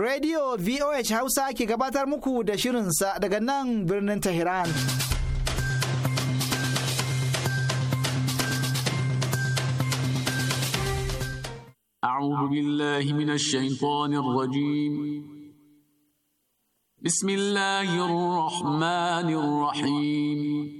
Radio VOH Hausa ke gabatar muku da shirin sa daga nan birnin Tehran. A'udhu billahi minash shaitanir rajim. Bismillahirrahmanirrahim. Bismillahirrahmanirrahim.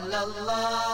sallallahu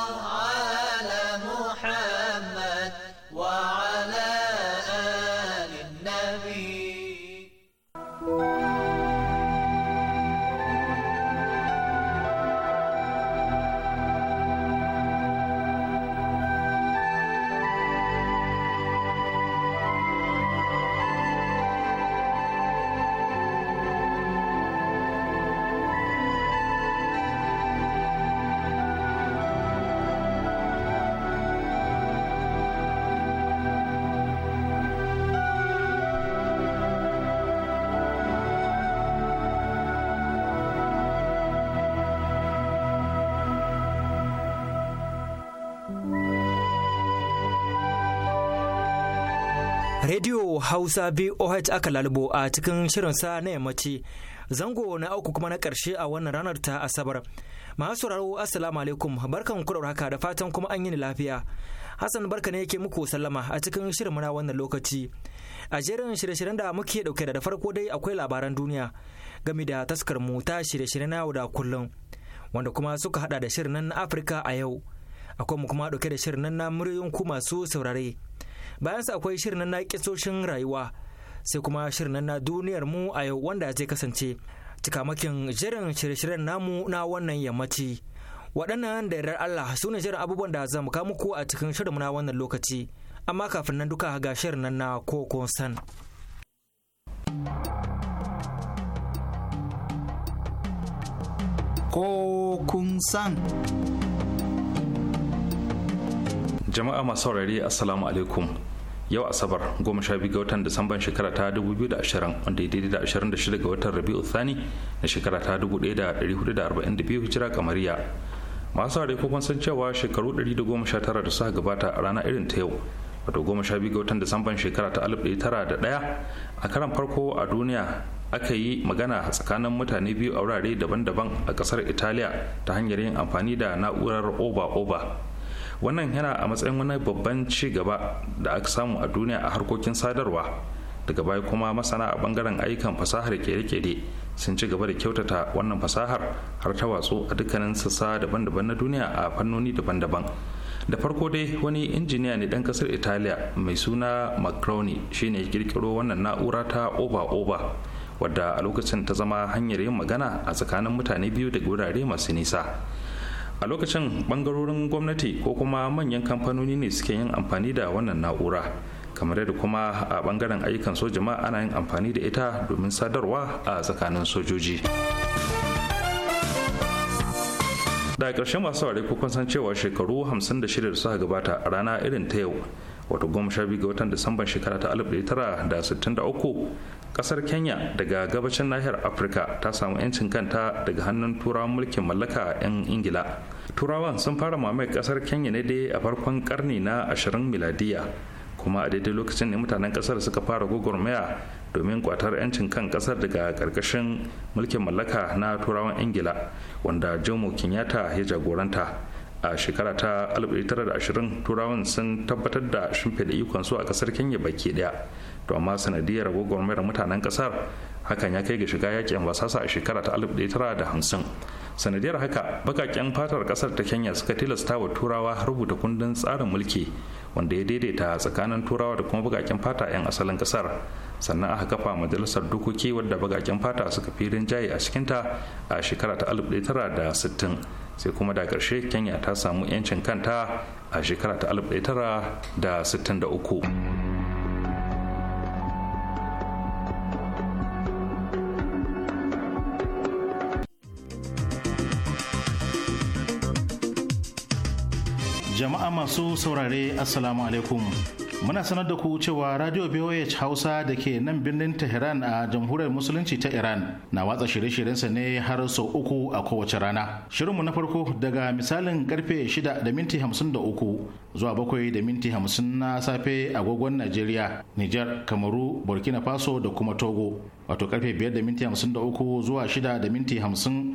Hausa BOH aka lalubo a cikin shirinsa na yammaci. Zango na auku kuma na ƙarshe a wannan ranar ta Asabar. Masu sauraro Assalamu alaikum barkan ku haka da fatan kuma an yi lafiya. Hassan barka ne yake muku sallama a cikin shirin muna wannan lokaci. A jerin shirye-shiryen da muke dauke da farko dai akwai labaran duniya game da taskar mu ta shirye shiryen na yau da kullum wanda kuma suka hada da shirin nan na Afirka a yau. Akwai mu kuma dauke da shirin nan na muryoyin ku masu saurare. bayan sa akwai shirin na kisoshin rayuwa sai kuma shirin na duniyar mu a yau wanda zai kasance cikamakin jirin shirye-shiryen namu na wannan yammaci waɗannan da yarar Allah su ne jiran abubuwan da zamu kawo muku a cikin shirin na wannan lokaci amma kafin nan duka ga shirin na koko san kokun san jama'a masu saurari assalamu alaikum yau asabar 12 ga watan disamban shekara ta 2020 wanda ya daidai da 26 ga watan rabi'u thani na shekara ta 1442 hijira kamariya masu saurare ko kun san cewa shekaru 119 da suka gabata a rana irin ta yau wato 12 ga watan disamban shekara ta 1901 a karan farko a duniya aka yi magana tsakanin mutane biyu a wurare daban-daban a kasar italiya ta hanyar yin amfani da na'urar oba-oba wannan yana a matsayin wani babban ci gaba da aka samu a duniya a harkokin sadarwa daga baya kuma masana a bangaren ayyukan fasahar kere-kere sun ci gaba da kyautata wannan fasahar har ta watsu a dukkanin sassa daban-daban na duniya a fannoni daban-daban da farko dai wani injiniya ne dan kasar italiya mai suna macroni shine ya kirkiro wannan na'ura ta oba oba wadda a lokacin ta zama hanyar yin magana a tsakanin mutane biyu da wurare masu nisa a lokacin bangarorin gwamnati ko kuma manyan kamfanoni ne suke yin amfani da wannan na'ura kamar yadda kuma a bangaren ayyukan soja ma ana yin amfani da ita domin sadarwa a tsakanin sojoji daga ƙarshen masu saurari ko kun san cewa shekaru 56 da suka gabata a rana irin ta yau wato goma sha biyu ga watan disamban shekara ta 1963 kasar kenya daga gabashin nahiyar afirka ta samu 'yancin kanta daga hannun turawan mulkin mallaka 'yan ingila turawan sun fara mamaye kasar kenya ne dai a farkon karni na ashirin miladiya kuma a daidai lokacin ne mutanen kasar suka fara gwagwarmaya domin kwatar 'yancin kan kasar daga karkashin mulkin mallaka na turawan ingila wanda jomo kenyatta ya jagoranta a shekara ta 1920 turawan sun tabbatar da shimfiɗa ikon su a kasar kenya baki daya to amma sanadiyar gwagwarmayar mutanen kasar hakan ya kai ga shiga yakin basasa a shekara ta hamsin sanadiyar haka bakaken fatar kasar ta kenya suka tilasta wa turawa rubuta kundin tsarin mulki wanda ya daidaita tsakanin turawa da kuma bakaken fata 'yan asalin kasar sannan aka kafa majalisar dokoki wadda bakaken fata suka fi rinjaye a cikinta a shekara ta 1960 sai kuma da karshe kenya ta samu 'yancin kanta a shekara ta uku. Jama'a masu saurare Assalamu alaikum. Muna sanar da ku cewa Radio BOH Hausa da ke nan birnin Tehran a Jamhuriyar Musulunci ta Iran na watsa shirye-shiryensa ne har sau uku a kowace rana. Shirinmu na farko daga misalin karfe shida da minti 53 zuwa 7 da minti 50 na safe agogon Najeriya, niger Kamaru, Burkina Faso da kuma Togo. Wato karfe 5 da minti 53 zuwa shida da minti 50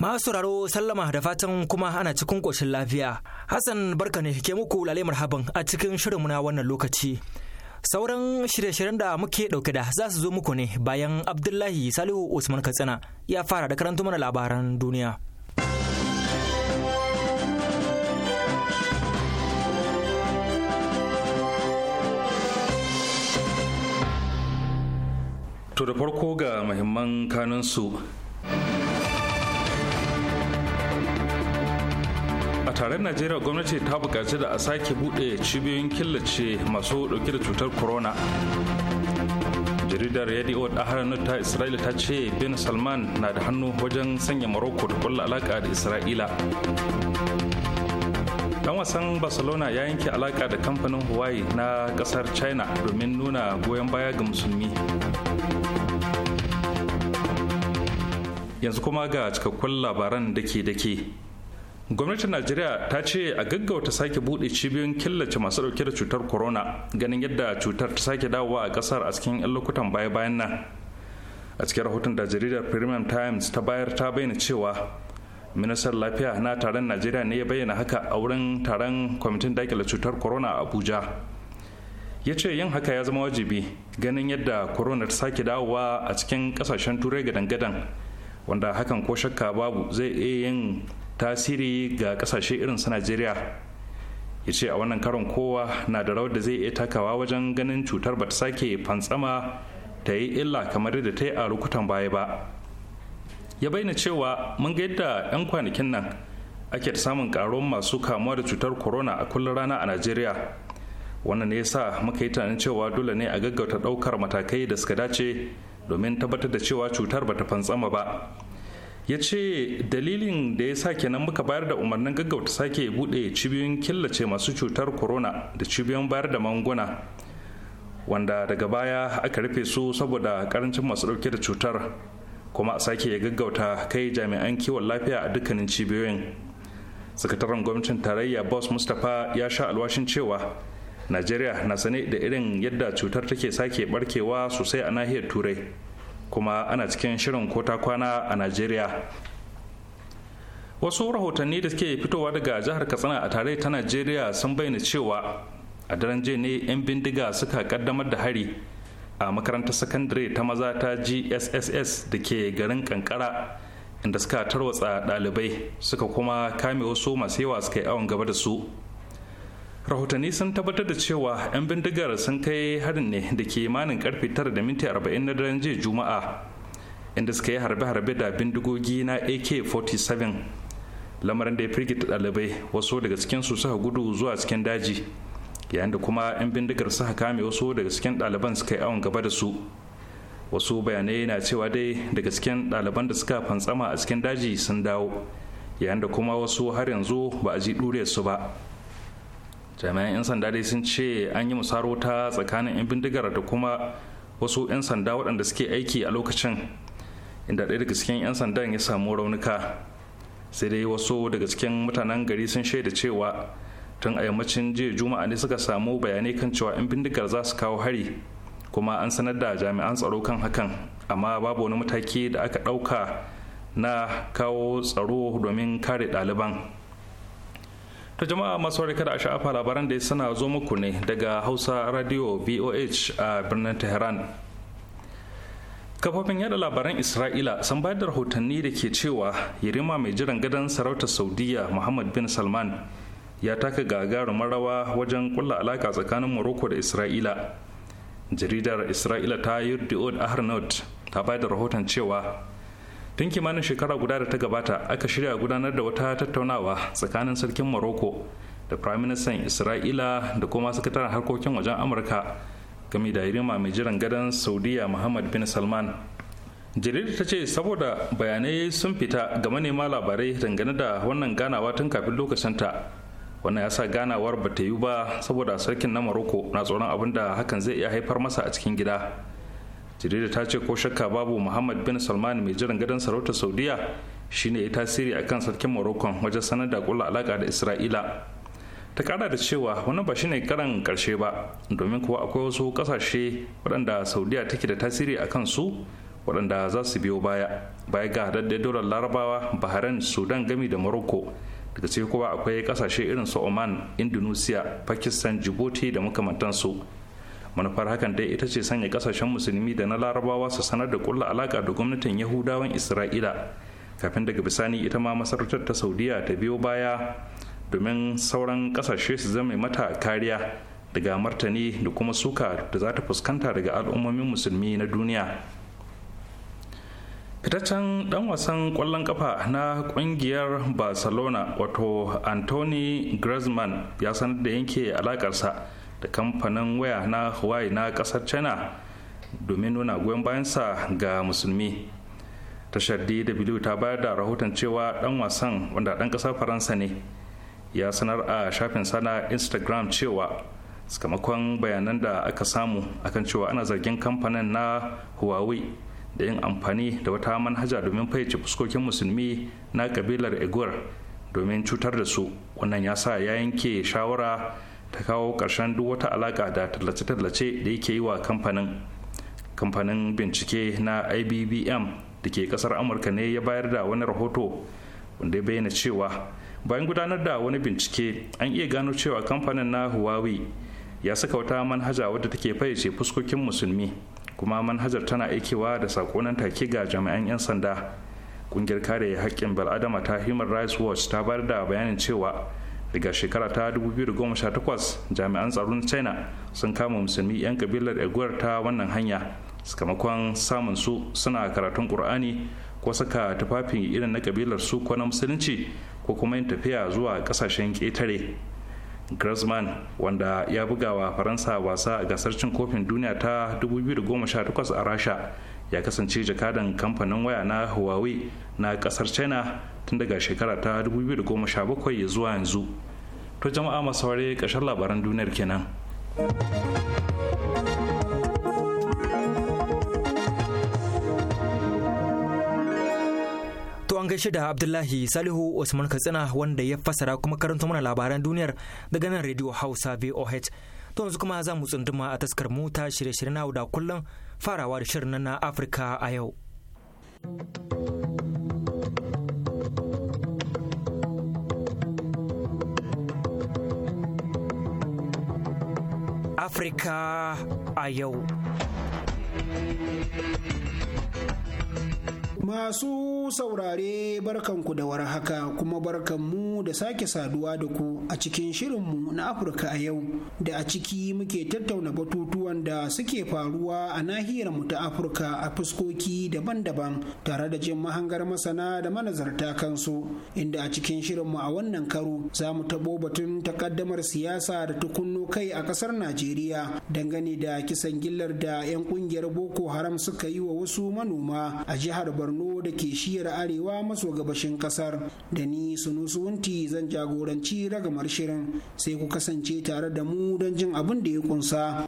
Masu sauraro sallama da fatan kuma ana cikin ƙoshin lafiya. Hassan barka ne ke muku lalai marhaban a cikin shirinmu na wannan lokaci. Sauran shirye-shiryen da muke ɗauke da za su zo muku ne bayan Abdullahi Salihu Usman Katsina ya fara da karanta mana labaran duniya. To da farko ga muhimman kanunsu. su tare najeriya gwamnati ta bukaci da a sake buɗe cibiyoyin killace masu dauke da cutar corona jaridar radio harin ta isra'ila ta ce bin salman na da hannu wajen sanya morocco da kulla alaƙa da isra'ila dan wasan barcelona ya yanke alaka da kamfanin hawaii na ƙasar china domin nuna goyon baya ga musulmi yanzu kuma ga cikakkun labaran dake-dake gwamnatin najeriya ta ce a gaggauta sake bude cibiyoyin killace masu ɗauke da cutar corona ganin yadda cutar ta sake dawowa a kasar a cikin 'yan lokutan baya-bayan nan a cikin rahoton da jaridar premium times ta bayar ta bayyana cewa ministan lafiya na taron najeriya ne ya bayyana haka a wurin taron kwamitin dakile cutar corona a abuja ya ce yin haka ya zama wajibi ganin yadda corona ta sake dawowa a cikin kasashen turai gadan-gadan wanda hakan ko shakka babu zai iya yin tasiri ga kasashe irin su najeriya ya ce a wannan karon kowa na da rawar da zai iya takawa wajen ganin cutar ba ta sake fantsama ta yi illa kamar yadda ta yi a lokutan baya ba ya bayyana cewa mun ga yadda 'yan kwanakin nan ake da samun karon masu kamuwa da cutar corona a kullum rana a najeriya wannan ne ya muka yi tunanin cewa dole ne a gaggauta ɗaukar matakai da suka dace domin tabbatar da cewa cutar bata fantsama ba ya ce dalilin da ya sa kenan muka bayar da umarnin gaggauta sake bude cibiyoyin killace masu cutar corona da cibiyoyin bayar da manguna wanda daga baya aka rufe su saboda karancin masu dauke da cutar kuma a sake gaggauta kai jami'an kiwon lafiya a dukkanin cibiyoyin sakataren gwamnatin tarayya boss mustapha ya sha alwashin cewa najeriya na sane da irin yadda cutar take sake barkewa sosai a nahiyar turai kuma ana cikin shirin kota kwana a najeriya wasu rahotanni da suke fitowa daga jihar katsina a tare ta najeriya sun bayyana cewa a daren jiya ne 'yan bindiga suka kaddamar da hari a makarantar sakandare ta maza ta gsss da ke garin kankara inda suka tarwatsa ɗalibai suka kuma kame wasu masu yawa suka yi awon gaba da su rahotanni sun tabbatar da cewa 'yan bindigar sun kai harin ne da ke imanin karfe 9:40 na daren jiya juma'a inda suka yi harbe-harbe da bindigogi na ak-47 lamarin da ya firgita ɗalibai wasu daga cikin su suka gudu zuwa cikin daji yayin da kuma 'yan bindigar suka kame wasu daga cikin ɗaliban suka yi awon gaba da su wasu bayanai na cewa dai daga cikin ɗaliban da suka fantsama a cikin daji sun dawo yayin da kuma wasu har yanzu ba a ji ɗure su ba jami'an 'yan sanda dai sun ce an yi musar tsakanin 'yan bindigar da kuma wasu 'yan sanda waɗanda suke aiki a lokacin inda ɗaya daga cikin 'yan sanda ya samu raunuka sai dai wasu daga cikin mutanen gari sun shaida cewa tun a yammacin jiya juma'a ne suka samu bayanai kan cewa 'yan bindigar za su kawo hari kuma an sanar da jami'an tsaro kan hakan amma babu wani mataki da aka ɗauka na kawo tsaro domin kare ɗaliban ta jama'a masu kada a sha'afa labaran da ya suna zo muku ne daga hausa radio voh a birnin tehran kafofin yada labaran isra'ila sun bayar da rahotanni da ke cewa yarima mai jiran gadon sarautar saudiya muhammad bin salman ya taka gagarumin rawa wajen kulla alaka tsakanin morocco da isra'ila jaridar isra'ila ta yi yurdiod ahrnaut ta bayar da rahoton cewa tun kimanin shekara guda da ta gabata aka shirya gudanar da wata tattaunawa tsakanin sarkin morocco da firaministan isra'ila da kuma sakataren harkokin wajen amurka game da irima mai jiran gadon saudiya muhammad bin salman jarida ta ce saboda bayanai sun fita ga manema labarai dangane da wannan ganawa tun kafin lokacinta wannan ya sa ganawar ba ta yi ba saboda sarkin na morocco na tsoron abin da hakan zai iya haifar masa a cikin gida jarida ta ce ko shakka babu muhammad bin salman mai jiran gadon sarautar saudiya shine ya tasiri akan sarkin morocco wajen sanar da kula alaka da isra'ila ta kara da cewa wannan ba shine karan karshe ba domin kuwa akwai wasu kasashe waɗanda saudiya take da tasiri a su waɗanda za su biyo baya baya ga haɗaɗɗen dolar larabawa bahrain sudan gami da morocco daga ciki kuwa akwai kasashe irin su oman indonesia pakistan djibouti da makamantansu manufar hakan dai ita ce sanya kasashen musulmi da na larabawa su sanar da kulla alaka da gwamnatin yahudawan isra'ila kafin daga bisani ita ma masarautar ta saudiya ta biyo baya domin sauran kasashe su zama mata kariya daga martani da kuma suka da za ta fuskanta daga al'ummomin musulmi na duniya fitaccen dan wasan kwallon kafa na kungiyar barcelona wato anthony griezmann ya sanar da yanke alakarsa da kamfanin waya na hawaii na kasar china domin nuna goyon bayansa ga musulmi tashar dw ta bayar da rahoton cewa dan wasan wanda dan kasar faransa ne ya sanar a shafin sana instagram cewa sakamakon bayanan da aka samu akan cewa ana zargin kamfanin na huawei da yin amfani da wata manhaja domin fayyace fuskokin musulmi na kabilar igor domin cutar da su wannan ya sa ya yanke shawara ta kawo ƙarshen duk wata alaƙa da tallace-tallace da yake yi wa kamfanin kamfanin bincike na ibbm da ke ƙasar amurka ne ya bayar da wani rahoto wanda ya bayyana cewa bayan gudanar da wani bincike an iya gano cewa kamfanin na huawei ya saka wata manhaja wadda take fayyace fuskokin musulmi kuma manhajar tana aikewa da nan take ga jami'an 'yan sanda ƙungiyar kare haƙƙin bal'adama ta human rights watch ta bayar da bayanin cewa daga shekara ta 2018 jami'an tsaron china sun kama musulmi 'yan kabilar eguwar ta wannan hanya sakamakon samun su suna karatun ƙur'ani ko saka tufafin irin na kabilar su ko na musulunci ko kuma yin tafiya zuwa kasashen ƙetare Griezmann wanda ya buga wa Faransa wasa a gasar cin kofin duniya ta 2018 a Rasha ya kasance jakadan kamfanin waya na Huawei na kasar China tun daga shekara ta 2017 zuwa yanzu to jama'a masu ware labaran duniyar kenan an gaishe da Abdullahi Salihu Usman Katsina wanda ya fasara kuma karanta mana labaran duniyar daga nan Radio Hausa VOH. To yanzu kuma za mu tsunduma a taskar mota shirye-shirye na da kullum farawa da shirin na Afirka a yau. afrika a yau. Masu saurare barkanku da warhaka kuma barkanmu da sake saduwa da ku a cikin shirinmu na Afirka a yau da a ciki muke tattauna batutuwan da suke faruwa a nahiyar mu ta Afirka a fuskoki daban-daban tare da jin mahangar masana da manazarta kansu inda a cikin shirinmu a wannan karo za mu tabo batun takaddamar siyasa da tukunno kai a kasar Najeriya dangane da kisan gillar da 'yan kungiyar Boko Haram suka yi wa wasu manoma a jihar Borno borno da ke shiyar arewa maso gabashin kasar da ni sunusu wunti zan jagoranci ragamar shirin sai ku kasance tare da mu don jin abin da ya kunsa.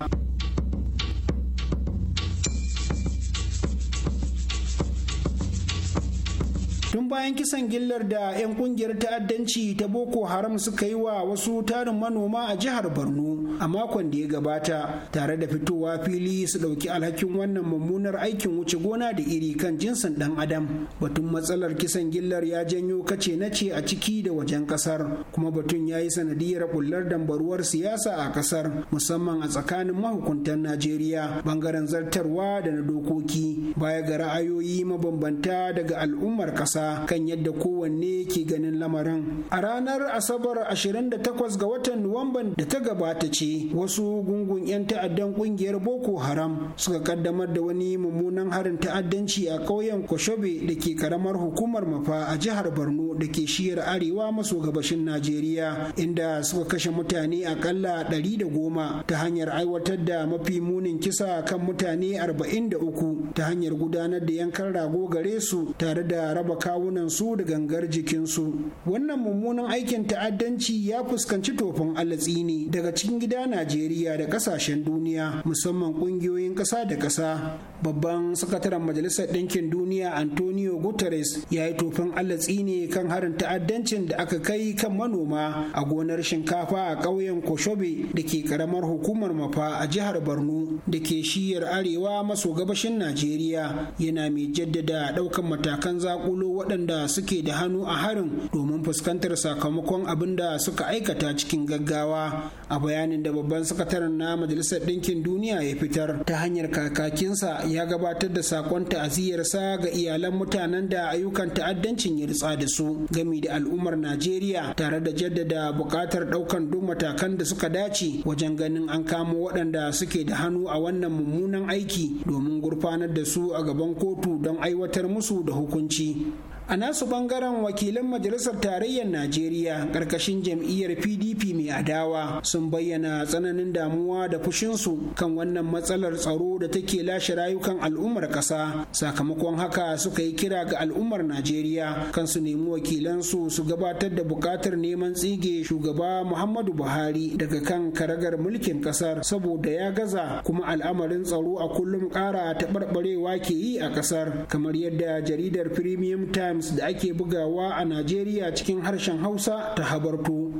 tun bayan kisan gillar da 'yan kungiyar ta'addanci ta boko haram suka yi wa wasu tarin manoma a jihar borno a makon da ya gabata tare da fitowa fili su ɗauki alhakin wannan mummunar aikin wuce gona da iri kan jinsin ɗan adam batun matsalar kisan gillar ya janyo kace na ce a ciki da wajen ƙasar kuma batun ya yi sanadiyar bullar dambaruwar siyasa a ƙasar musamman a tsakanin mahukuntan najeriya bangaren zartarwa da na dokoki baya ga ra'ayoyi mabambanta daga al'ummar ƙasa ƙasa kan yadda kowanne ke ganin lamarin a ranar asabar 28 ga watan nuwamban da ta gabata ce wasu gungun 'yan ta'addan kungiyar boko haram suka kaddamar da wani mummunan harin ta'addanci a ƙauyen koshobe da ke karamar hukumar mafa a jihar borno da ke shiyar arewa maso gabashin najeriya inda suka kashe mutane akalla ɗari da goma ta hanyar aiwatar da mafi munin kisa kan mutane arba'in da uku ta hanyar gudanar da yankan rago gare su tare da raba kawunan su da gangar jikin su wannan mummunan aikin ta'addanci ya fuskanci tofin alatsi ne daga cikin gida najeriya da kasashen duniya musamman kungiyoyin kasa da kasa babban sakataren majalisar ɗinkin duniya antonio guterres ya yi tofin alatsi ne kan harin ta'addancin da aka kai kan manoma a gonar shinkafa a ƙauyen koshobe da ke karamar hukumar mafa a jihar borno da ke shiyar arewa maso gabashin najeriya yana mai jaddada ɗaukan matakan zakulo waɗanda suke da hannu a harin domin fuskantar sakamakon abin da suka aikata cikin gaggawa a bayanin da babban sakataren na majalisar ɗinkin duniya ya fitar ta hanyar kakakinsa ya gabatar da sakon ta'aziyarsa ga iyalan mutanen da ayyukan ta'addancin ya ritsa da su gami da al'ummar najeriya tare da jaddada buƙatar ɗaukan duk matakan da suka dace wajen ganin an kamo waɗanda suke da hannu a wannan mummunan aiki domin gurfanar da su a gaban kotu don aiwatar musu da hukunci a nasu bangaren wakilan majalisar tarayyar najeriya ƙarƙashin jam'iyyar pdp mai adawa sun bayyana tsananin damuwa da fushinsu kan wannan matsalar tsaro da take lashe rayukan al'ummar ƙasa sakamakon haka suka yi kira ga al'ummar najeriya kan su nemi wakilansu su gabatar da buƙatar neman tsige shugaba muhammadu buhari daga kan karagar mulkin ƙasar saboda ya gaza kuma al'amarin tsaro a kullum ƙara taɓarɓarewa ke yi a ƙasar kamar yadda jaridar premium time times da ake bugawa a najeriya cikin harshen hausa ta habarto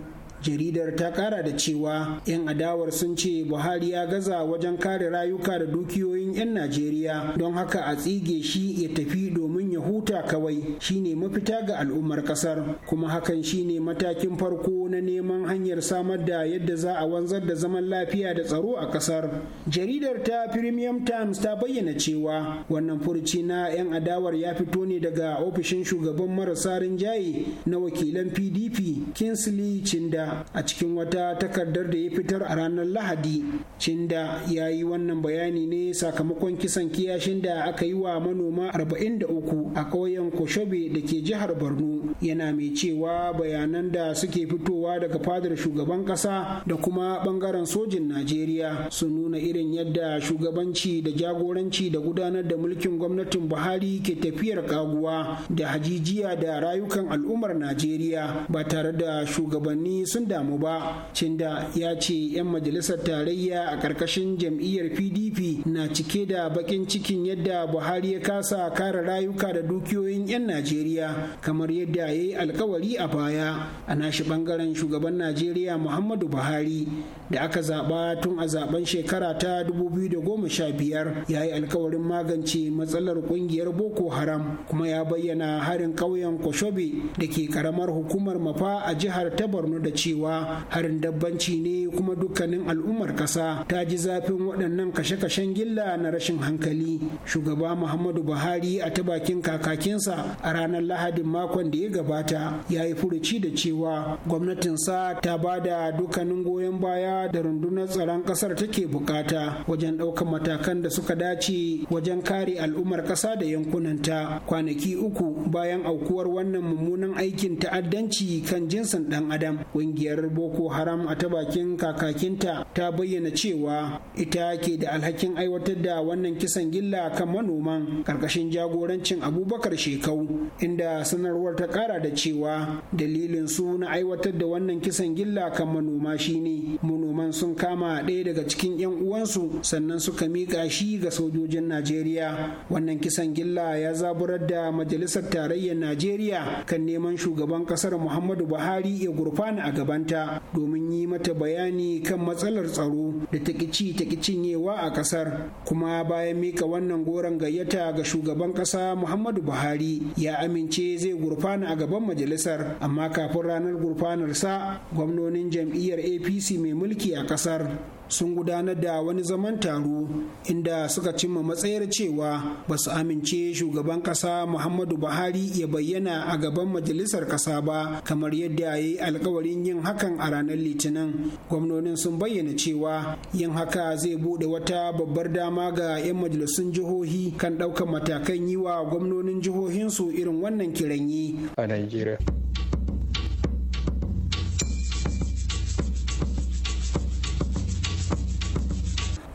jaridar ta kara da cewa 'yan adawar sun ce buhari ya gaza wajen kare rayuka da dukiyoyin 'yan najeriya don haka a tsige shi ya tafi domin ya huta kawai shine mafita ga al'ummar kasar kuma hakan shine matakin farko na neman hanyar samar da yadda za a wanzar da zaman lafiya da tsaro a kasar jaridar ta premium times ta bayyana cewa wannan furuci na 'yan adawar ya fito ne daga ofishin shugaban marasa rinjaye na wakilan pdp kinsley chinda a cikin wata takardar da ya fitar a ranar Lahadi. Cinda ya yi wannan bayani ne sakamakon kisan kiyashin da aka yi wa manoma 43 a ƙauyen Koshobe da ke jihar Borno yana mai cewa bayanan da suke fitowa daga fadar shugaban ƙasa da kuma ɓangaren sojin Najeriya su nuna irin yadda shugabanci da jagoranci da gudanar da mulkin gwamnatin Buhari ke tafiyar kaguwa da hajijiya da rayukan al'ummar Najeriya ba tare da shugabanni sun sun damu ba cinda ya ce 'yan majalisar tarayya a ƙarƙashin jam'iyyar pdp na cike da baƙin cikin yadda buhari ya kasa kare rayuka da dukiyoyin 'yan najeriya kamar yadda ya yi alkawari a baya a nashi bangaren shugaban najeriya muhammadu buhari da aka zaɓa tun a zaben shekara ta 2015 ya yi alkawarin magance matsalar ƙungiyar boko haram kuma ya bayyana harin ƙauyen koshobe da ke ƙaramar hukumar mafa a jihar ta borno da ci cewa harin dabbanci ne kuma dukkanin al'ummar ƙasa ta ji zafin waɗannan kashe-kashen gilla na rashin hankali shugaba muhammadu buhari a ta bakin kakakinsa a ranar lahadin makon da ya gabata ya yi furuci da cewa gwamnatinsa ta ba da dukkanin goyon baya da rundunar tsaron ƙasar take bukata wajen ɗaukar matakan da suka dace wajen kare al'ummar ƙasa da yankunanta kwanaki uku bayan aukuwar wannan mummunan aikin ta'addanci kan jinsin ɗan adam kungiyar boko haram a ta bakin kakakinta ta bayyana cewa ita ke da alhakin aiwatar da wannan kisan gilla kan manoman ƙarƙashin jagorancin abubakar shekau inda sanarwar ta ƙara da cewa dalilin su na aiwatar da wannan kisan gilla kan manoma shine manoman sun kama ɗaya daga cikin 'yan uwansu sannan suka miƙa shi ga sojojin najeriya wannan kisan gilla ya zaburar da majalisar tarayyar najeriya kan neman shugaban ƙasar muhammadu buhari ya gurfana a gaba gabanta domin yi mata bayani kan matsalar tsaro da takici cinyewa a kasar kuma bayan mika wannan goron gayyata ga shugaban kasa Muhammadu Buhari ya amince zai gurfana a gaban majalisar amma kafin ranar gurfanarsa gwamnonin jam'iyyar APC mai mulki a kasar sun gudanar da wani zaman taro inda suka cimma matsayar cewa ba su amince shugaban kasa muhammadu buhari ya bayyana a gaban majalisar kasa ba kamar yadda ya yi alkawarin yin hakan a ranar litinin gwamnonin sun bayyana cewa yin haka zai buɗe wata babbar dama ga 'yan majalisun jihohi kan ɗaukar matakan yi wa gwamnonin jihohinsu irin wannan kiranye. a najeriya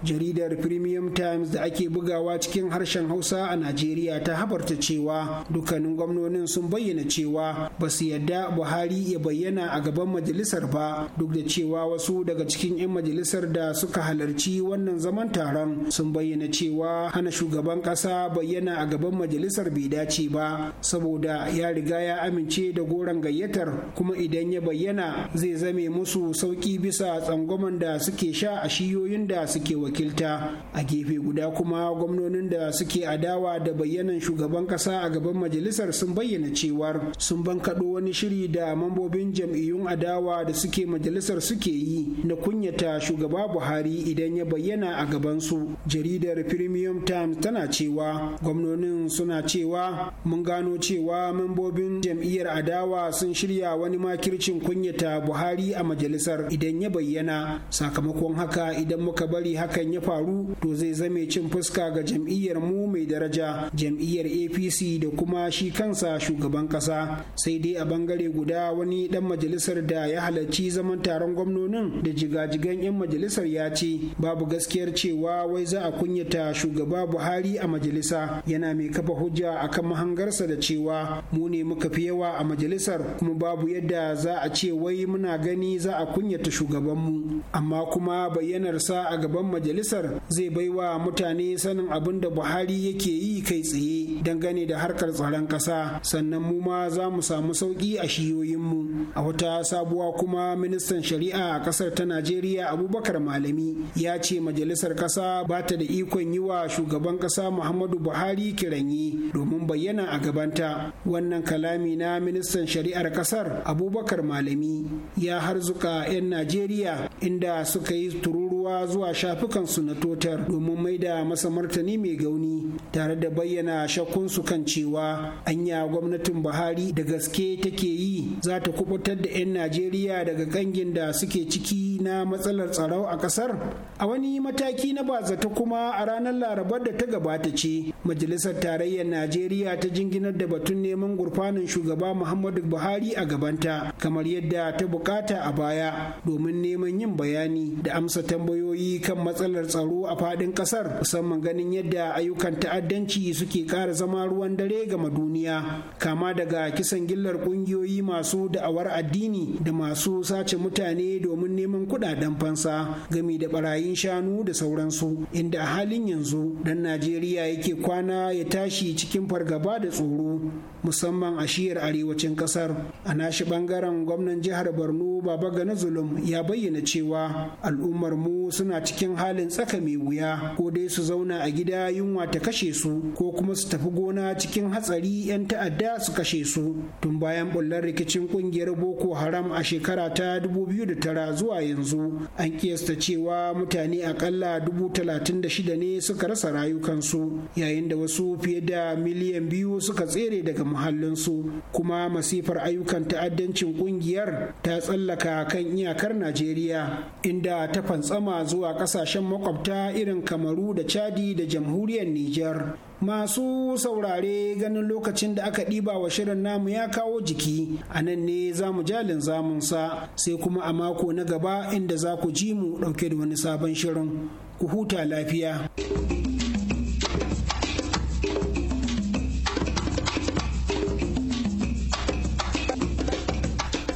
jaridar premium times da ake bugawa cikin harshen hausa a najeriya ta habarta cewa dukkanin gwamnonin sun bayyana cewa ba su yadda buhari ya bayyana a gaban majalisar ba duk da cewa wasu daga cikin 'yan majalisar da suka halarci wannan zaman taron sun bayyana cewa hana shugaban ƙasa bayyana a gaban majalisar bai dace ba saboda ya riga ya amince da goron gayyatar kuma idan ya bayyana zai zame musu sauki bisa tsangwaman da suke sha a shiyoyin da suke wakilta wakilta a gefe guda kuma gwamnonin da suke adawa da bayyanan shugaban kasa a gaban majalisar sun bayyana cewar sun bankaɗo wani shiri da mambobin jam'iyyun adawa da suke majalisar suke yi na kunyata shugaba buhari idan ya bayyana a gaban su jaridar premium times tana cewa gwamnonin suna cewa mun gano cewa mambobin jam'iyyar adawa sun shirya wani makircin kunyata buhari a majalisar idan ya bayyana sakamakon haka idan muka bari hakan hakan ya faru to zai zame cin fuska ga jam'iyyar mu mai daraja jam'iyyar apc da kuma shi kansa shugaban kasa sai dai a bangare guda wani dan majalisar da ya halarci zaman taron gwamnonin da jigajigan 'yan majalisar ya ce babu gaskiyar cewa wai za a kunyata shugaba buhari a majalisa yana mai kafa hujja akan mahangarsa da cewa mu ne muka fi yawa a majalisar kuma babu yadda za a ce wai muna gani za a kunyata shugabanmu amma kuma bayyanarsa a gaban majalisar majalisar zai bai wa mutane sanin abin da buhari yake yi kai tsaye dangane da harkar tsaron ƙasa sannan mu ma za mu samu sauƙi a shiyoyinmu a wata sabuwa kuma ministan shari'a a ƙasar ta najeriya abubakar malami ya ce majalisar ƙasa ba ta da ikon yi wa shugaban ƙasa muhammadu buhari kiranye domin bayyana a gabanta wannan kalami na ministan shari'ar ƙasar abubakar malami ya harzuka 'yan najeriya inda suka yi turu aikewa zuwa shafukan su na totar domin maida masa martani mai gauni tare da bayyana shakkunsu kan cewa anya gwamnatin buhari da gaske take yi za ta kubutar da 'yan najeriya daga kangin da suke ciki na matsalar tsaro a kasar a wani mataki na bazata kuma a ranar larabar da ta gabata ce majalisar tarayyar najeriya ta jinginar da batun neman gurfanin shugaba muhammadu buhari a gabanta kamar yadda ta bukata a baya domin neman yin bayani da amsa tambayoyi tambayoyi kan matsalar tsaro a faɗin ƙasar musamman ganin yadda ayyukan ta'addanci suke ƙara zama ruwan dare ga duniya kama daga kisan gillar ƙungiyoyi masu da'awar addini da masu sace mutane domin neman kuɗaɗen fansa gami da barayin shanu da sauransu inda a halin yanzu dan najeriya yake kwana ya tashi cikin fargaba da tsoro musamman a shiyar arewacin ƙasar a nashi ɓangaren gwamnan jihar borno baba gana zulum ya bayyana cewa al'ummar mu suna cikin halin tsaka mai wuya ko dai su zauna a gida yunwa ta kashe su ko kuma su tafi gona cikin hatsari 'yan ta'adda su kashe su tun bayan bullar rikicin kungiyar boko haram a shekara ta 2009 zuwa yanzu an kiyasta cewa mutane akalla 36,000 ne suka rasa rayukansu yayin da wasu fiye da miliyan biyu suka tsere daga muhallinsu kuma masifar ayyukan ta'addancin kungiyar ta tsallaka kan iyakar najeriya inda ta fantsam sallama zuwa kasashen makwabta irin kamaru da chadi da jamhuriyar niger masu saurare ganin lokacin da aka ɗiba wa shirin namu ya kawo jiki a nan ne za mu jalin zamunsa sai kuma a mako na gaba inda za ku ji mu ɗauke da wani sabon shirin ku huta lafiya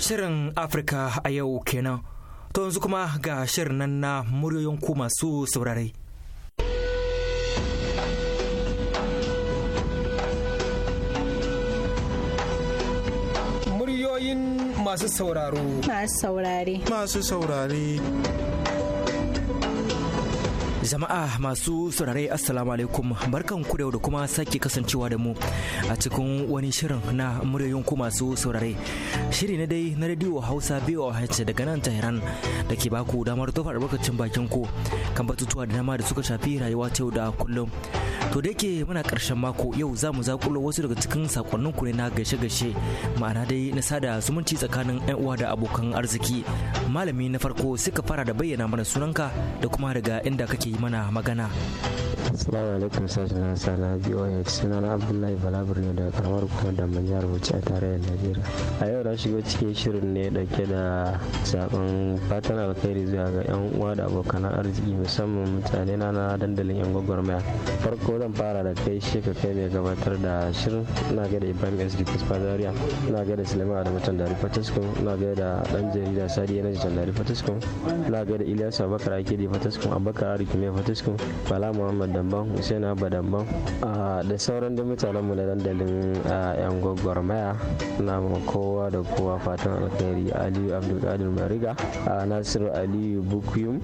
Shirin Afirka a yau kenan. To yanzu kuma ga shirin nan na muryoyin ku masu saurare. Muryoyin masu sauraro. Masu saurare. Masu saurare. Jama'a masu saurare Assalamu alaikum barkan ku da yau da kuma sake kasancewa da mu a cikin wani shirin na muryoyin ku masu saurare. Shiri na dai na Radio Hausa BOH daga nan Tehran da ke baku damar tofar albarkacin bakin ku kan batutuwa da dama da suka shafi rayuwa ta yau da kullum. To da yake muna karshen mako yau za mu zakulo wasu daga cikin sakonnin ku na gaishe-gaishe ma'ana dai na sada zumunci tsakanin 'yan uwa da abokan arziki. Malami na farko suka fara da bayyana mana sunanka da kuma daga inda kake yi mana magana. Assalamu alaikum na sa na BOA suna na Abdullahi Balabir da karamar kuma da manjar Bauchi a tarayyar Najeriya. A yau na shigo cikin shirin ne dauke da sakon fatan alkhairi zuwa ga yan uwa da abokan arziki musamman mutane na na dandalin yan gwagwarmaya. Farko zan fara da kai shi ka kai mai gabatar da shirin ina gaida Ibrahim S. Dikis Fazariya, ina gaida Sulaiman Adamu Tandari Fataskun, ina gaida dan jarida Sadi Yanaji Tandari Fataskun, ina gaida Ilyas Abubakar Akidi Fataskun, Abubakar Arikime Fataskun, Bala Muhammad Badamban Husaina Badamban ah, da sauran da mutanen mu na dandalin ah, yan gwagwarmaya na kowa da kowa fatan alkhairi Aliyu Abdulkadir Mariga a ah, Nasiru Aliyu Bukuyum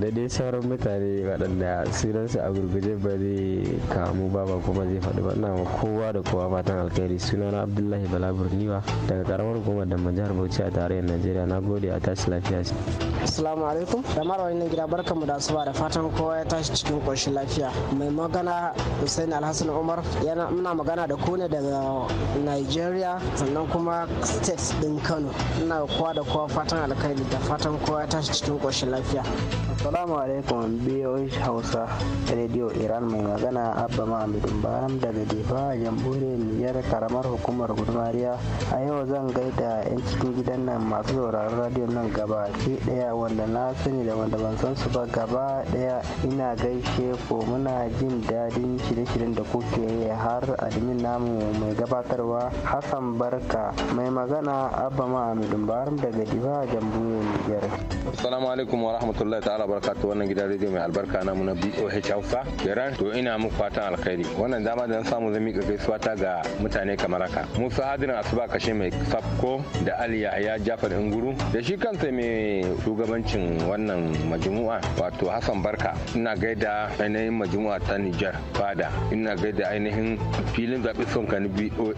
da dai sauran mutane waɗanda sunansu a gurguje ba zai kamu ba ba kuma zai faɗi ba na kowa da kowa fatan alkhairi suna na Abdullahi Bala Burniwa daga karamar hukumar da jihar Bauchi a tarayyar Najeriya na gode a tashi lafiya. Assalamu alaikum da mara wani gida barkanmu da asuba da fatan kowa ya tashi cikin ƙoshin lafiya. mai magana hussein alhassan umar yana muna magana da ku ne daga nigeria sannan kuma state din kano ina kowa da kowa fatan alkhairi da fatan kowa ya tashi cikin koshin lafiya assalamu alaikum biyoyi hausa radio iran mai magana abba mahamudin bayan daga jefa jamhuriyar niger karamar hukumar gudumariya a yau zan gaida 'yan cikin gidan nan masu sauraron radio nan gaba ke daya wanda na sani da wanda ban san su ba gaba daya ina gaishe ko muna jin daɗin shirye-shiryen da kuke yi har admin namu mai gabatarwa Hassan Barka mai magana Abba Ma'amidun barin daga Diba Jamhuriyar niger Assalamu alaikum wa rahmatullahi ta'ala barakatuh wannan gidan rediyo mai albarka namu na BOH Hausa. Yaran to ina muku fatan alkhairi. Wannan dama da na samu zan miƙa gaisuwa ta ga mutane kamar haka. Musa Hadirin Asuba kashe mai Sapko da Ali Yahaya Jafar Inguru da shi kansa mai shugabancin wannan majmu'a wato Hassan Barka. Ina gaida ainihin majmu'a juma'a ta nijar fada ina gaida ainihin filin zaɓi sonka na boa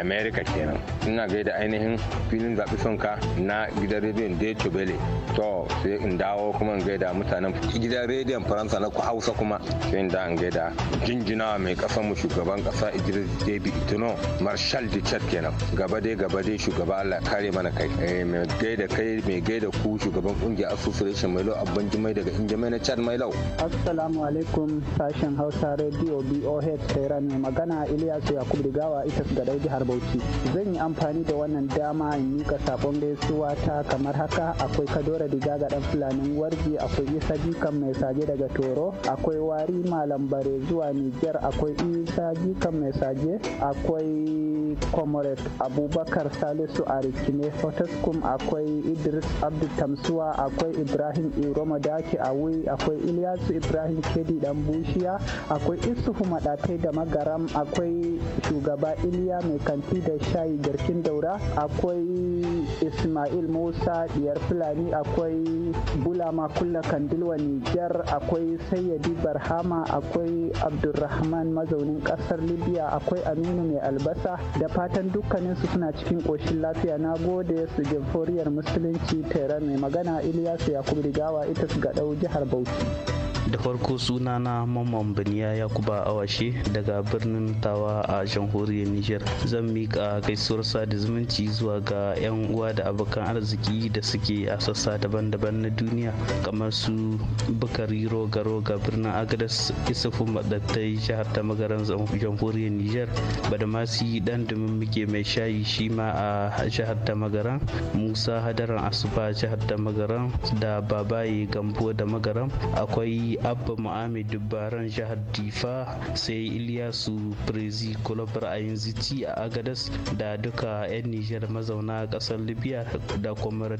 america kenan ina gaida ainihin filin zaɓi sonka na gidan rediyon deutsche wele to sai in dawo kuma in gaida mutanen gidan rediyon faransa na ku hausa kuma sai in da in gaida jinjina mai ƙasar mu shugaban ƙasa idris debi Itno marshal de Chat kenan gaba dai gaba dai shugaba allah kare mana kai eh mai gaida kai mai gaida ku shugaban kungiyar association mai lau abban jimai daga injimai na chad lau assalamu alaikum alaikum sashen Hausa Radio BOH Tehran mai magana Ilyasu yakub Digawa ita su gadau jihar Bauchi. Zan yi amfani da wannan dama in mika sabon gaisuwa ta kamar haka akwai Kadora Diga ga ɗan Fulanin Warji akwai Isa Jikan mai saje daga Toro akwai Wari Malam Bare zuwa Niger akwai Isa Jikan mai saje akwai comrade abubakar salisu a rikine fortescum akwai idris abdu tamsuwa akwai ibrahim iroma daki awi akwai ilyasu ibrahim kedi dan bushiya akwai isufu madatai da magaram akwai shugaba iliya mai kanti da shayi garkin daura akwai ismail musa diyar fulani akwai bulama kulla kandilwa nijar akwai sayyadi barhama akwai abdulrahman mazaunin kasar libya akwai aminu mai albasa da fatan dukkaninsu suna cikin koshin lafiya na gode su jamhuriyar musulunci tare mai magana iliyasu yakubu rigawa ita su ga ɗau jihar bauchi. da farko sunana mamman biniya yakuba awashe daga birnin tawa a jamhuriyar niger zan miƙa gaisuwar da zumunci zuwa ga 'yan uwa da abokan arziki da suke a sassa daban-daban na duniya kamar su bukari roga-roga birnin agadas isufu madattai jihar ta magaran jamhuriyar niger badamasi dan dumin muke mai shayi shi ma a jihar ta magaran musa hadaran asuba jihar ta magaran da babaye gambo da magaran akwai abba mu'amid dubbaran jihar difa sai iliyasu prezi kulabar ayin zici a agadas da duka 'yan nijar mazauna kasar libya da kwamar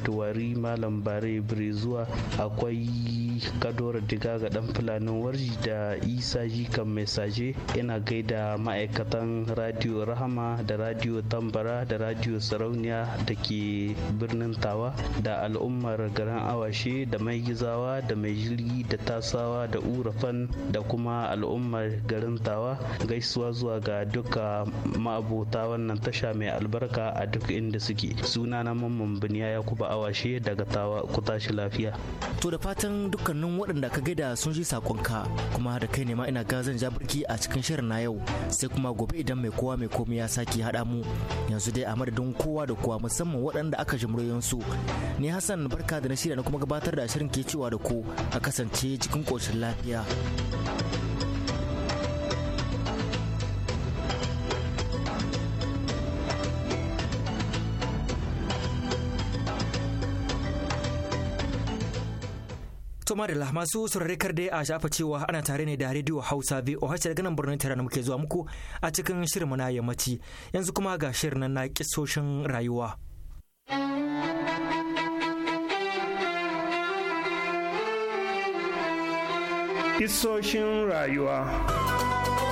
malam bare brezuwa akwai kadora diga ga dan fulanin warji da isa jikan mai saje yana gaida ma'aikatan radio rahama da radio tambara da radio sarauniya da ke birnin tawa da al'ummar garin awashe da mai gizawa da mai jirgi da tasawa da urafan da kuma al'ummar garin tawa gaisuwa zuwa ga duka ma'abota wannan tasha mai albarka a duk inda suke suna na mamman biniya ya kuba awashe daga tawa ku tashi lafiya to da fatan duka dukkanin waɗanda ka gaida sun ji sakonka kuma da kai ne ma ina gazan birki a cikin shirin na yau sai kuma gobe idan mai kowa mai komai ya sake haɗa mu yanzu dai a madadin kowa da kowa musamman waɗanda aka jimriyon su ni hassan barka da na shirya na kuma gabatar da shirin ke cewa da ku a kasance cikin ƙoshin lafiya. To Marila masu saurari kar dai a shafa cewa ana tare ne da rediyo Hausa VOH daga nan birnin Tehran muke zuwa muku a cikin shirin na yammaci. Yanzu kuma ga shirin na kisoshin rayuwa. Kisoshin rayuwa.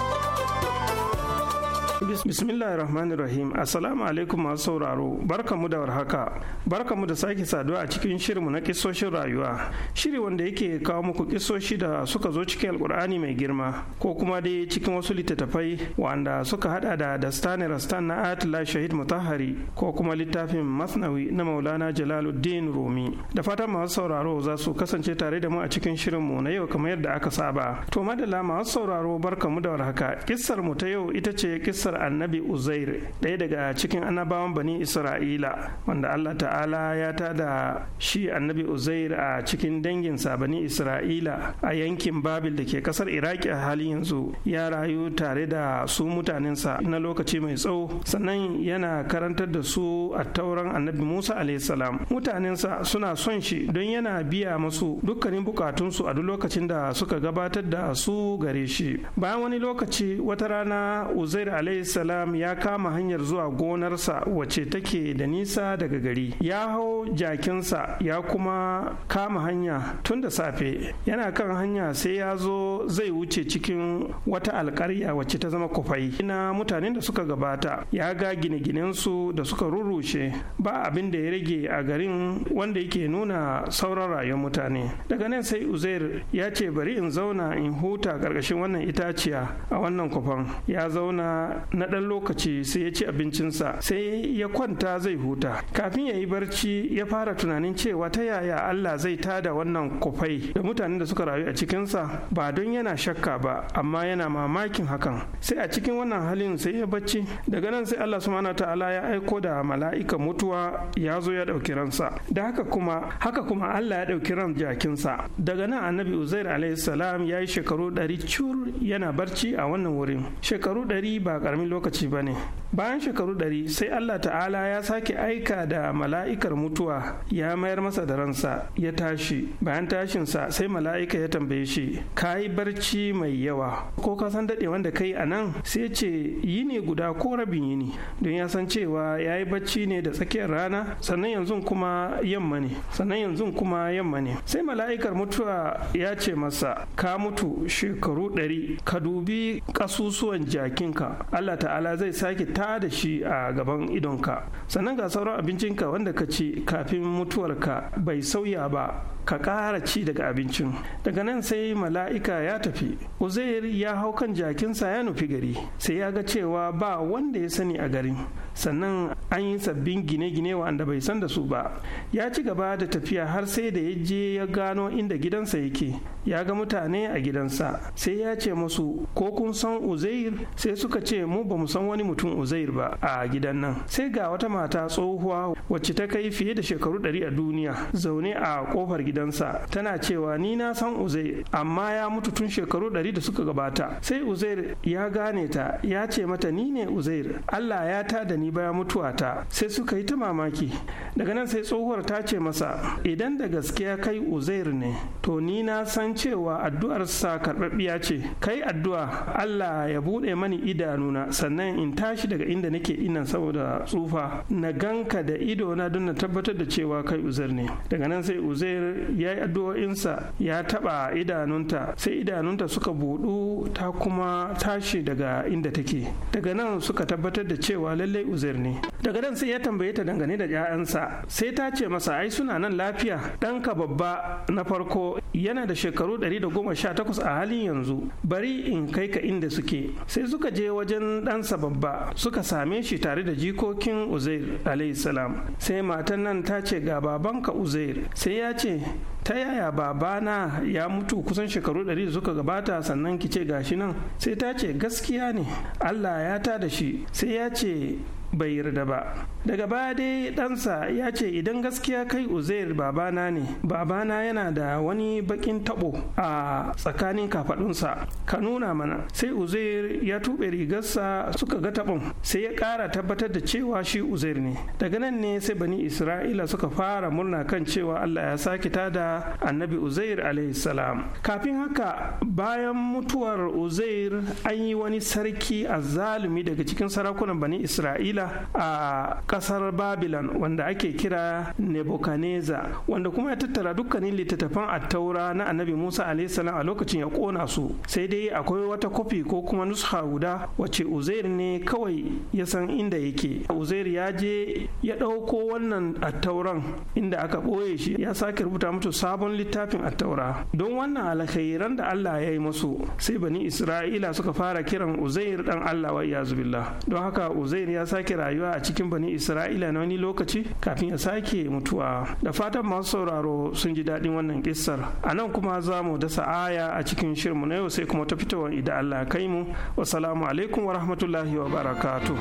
Bismillahirrahmanirrahim. Assalamu alaikum masu sauraro. barka mu da warhaka. barka mu da sake saduwa a cikin shirinmu na kisoshin rayuwa. Shiri wanda yake kawo muku kisoshi da suka zo cikin Alkur'ani mai girma ko kuma dai cikin wasu littattafai wanda suka hada da Dastani Rastan na Atla Shahid Mutahari ko kuma littafin Masnawi na Maulana Jalaluddin Rumi. Da fatan masu sauraro za su kasance tare da mu a cikin shirinmu na yau kamar yadda aka saba. To madalla masu sauraro mu da warhaka. Kissar mu ta yau ita ce kissar annabi uzair ɗaya daga cikin annabawan bani isra'ila wanda allah ta'ala ya tada shi annabi uzair a cikin danginsa bani isra'ila a yankin babil da ke kasar iraki a halin yanzu ya rayu tare da su mutanensa na lokaci mai tsawo sannan yana karantar da su a tauran annabi musa alaihissalam mutanensa suna son shi don yana biya masu dukkanin bukatunsu a duk lokacin da suka gabatar da su gare shi bayan wani lokaci wata rana uzair salam ya kama hanyar zuwa gonarsa wace take da nisa daga gari ya hau jakinsa ya kuma kama hanya tun da safe yana kan hanya sai ya zo zai wuce cikin wata alkarya wace ta zama kufai ina mutanen da suka gabata ya ga gine su da suka rurrushe ba abin da ya rage a garin wanda yake nuna sauran rayuwar mutane daga nan sai uzair ya ce bari in zauna in huta karkashin wannan itaciya a wannan kufan ya zauna na ɗan lokaci sai ya ci abincinsa sai ya kwanta zai huta kafin ya yi barci ya fara tunanin cewa ta yaya Allah zai tada wannan kufai da mutanen da suka rayu a cikinsa ba don yana shakka ba amma yana mamakin hakan sai a cikin wannan halin sai ya bacci daga nan sai Allah subhanahu ta'ala ya aiko da mala'ika mutuwa ya zo ya ɗauki ransa da haka kuma haka kuma Allah ya ɗauki ran jakinsa daga nan annabi Uzair alayhi salam ya yi shekaru ɗari cur yana barci a wannan wurin shekaru ɗari ba ƙaramin lokaci ba ne bayan shekaru ɗari sai allah ta'ala ya sake aika da mala'ikar mutuwa ya mayar masa da ransa ya tashi bayan tashinsa sai mala'ika ya tambaye shi ka yi barci mai yawa ko ka san daɗe wanda kai a nan sai ce ne guda ko rabin yini don ya san cewa ya yi barci ne da tsakiyar rana sannan yanzu kuma yamma ne sannan yanzu kuma yamma ne sai mala'ikar mutuwa ya ce masa ka mutu shekaru ɗari ka dubi ƙasusuwan jakinka Allah ta'ala zai sake ta da shi a gaban idonka sannan ga sauran abincinka wanda ka ci kafin mutuwarka bai sauya ba ka ƙara ci daga abincin daga nan sai mala'ika ya tafi uzair ya hau kan jakinsa ya nufi gari sai ya ga cewa ba wanda ya sani a garin sannan an yi sabbin gine-gine wanda bai san da su ba ya ci gaba da tafiya har sai da ya je ya gano inda gidansa yake ya ga mutane a gidansa sai ya ce musu ko kun san uzair sai suka ce mu ba mu san wani mutum uzair ba a gidan nan sai ga wata mata tsohuwa wacce ta kai fiye da shekaru ɗari a duniya zaune a kofar gidansa tana cewa ni na san uzair amma ya mutu tun shekaru ɗari da suka gabata sai uzair ya gane ta ya ce mata ni ne uzair allah ya ta da ni baya mutuwata sai suka yi ta mamaki daga nan sai tsohuwar ta ce masa idan da gaskiya kai uzair ne to ni na san cewa addu'arsa karɓaɓɓiya ce kai addu'a allah ya buɗe mani idanuna sannan in tashi daga inda nake inan saboda tsufa na ganka da ido na don na tabbatar da cewa kai uzair ne daga nan sai uzair ya yi addu'o'insa ya taba idanunta sai idanunta suka budu ta kuma tashi daga inda take daga nan suka tabbatar da cewa lallai uzair ne daga nan sai ya tambaye ta dangane da 'ya'yansa sai ta ce masa ai suna nan lafiya ɗanka babba na farko yana da shekaru 118 a halin yanzu bari in kai ka inda suke sai suka je wajen ɗansa babba suka same shi tare da jikokin uzair salam sai matan nan ta ce ga babanka uzair sai ya ce ta yaya babana ya mutu kusan shekaru ɗari suka gabata sannan ki ce gashi nan sai ta ce gaskiya ne allah ya ta da shi sai ya ce bai yarda ba daga baya dai ɗansa ya ce idan gaskiya kai uzair babana ne babana yana da wani bakin taɓo a tsakanin kafaɗunsa. ka nuna mana sai uzair ya tuɓe rigarsa suka ga taɓon. sai ya ƙara tabbatar da cewa shi uzair ne daga nan ne sai bani isra'ila suka fara murna kan cewa allah ya sake tada annabi uzair salam kafin haka bayan mutuwar uzair an yi wani sarki a zalumi daga cikin sarakunan bani isra'ila isra'ila a kasar babylon wanda ake kira nebuchadnezzar wanda kuma ya tattara dukkanin littattafan attaura na annabi musa alaihissalam a lokacin ya kona su sai dai akwai wata kofi ko kuma nusha guda wace uzair ne kawai ya san inda yake uzair ya je ya ɗauko wannan attauran inda aka ɓoye shi ya sake rubuta musu sabon littafin attaura don wannan alkhairan da allah ya yi masu sai bani isra'ila suka fara kiran uzair dan allah wa iyazu billah don haka uzair ya sake sake rayuwa a cikin bani isra'ila na wani lokaci kafin ya sake mutuwa da fatan masu sauraro sun ji daɗin wannan kissar a nan kuma za mu dasa aya a cikin shirmu na yau sai kuma ta fitowa idan allah kai mu wasalamu alaikum wa rahmatullahi wa barakatu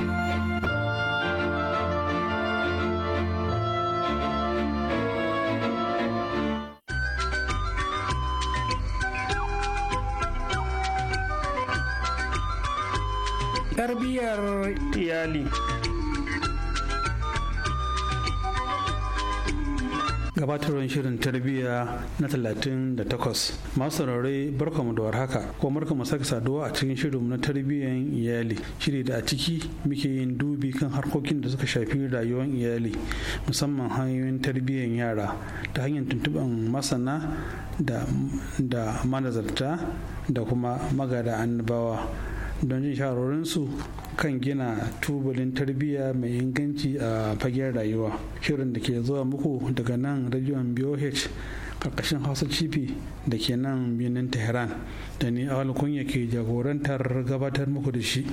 tarbiyyar iyali. gabatarwar shirin tarbiyya na 38 masu saurare barkamu da warhaka ko mu saka saduwa a cikin shirin na tarbiyyar iyali shiri da a ciki muke yin dubi kan harkokin da suka shafi rayuwar iyali musamman hanyoyin tarbiyyar yara ta hanyar tuntuɓan masana da manazarta da kuma magada annabawa don jin shawarorinsu kan gina tubalin tarbiyya mai inganci a fagen rayuwa shirin da ke zuwa muku daga nan rajiyon boh karkashin hausa cifi da ke nan birnin tehran da ni awal kunya ke jagorantar gabatar muku da shi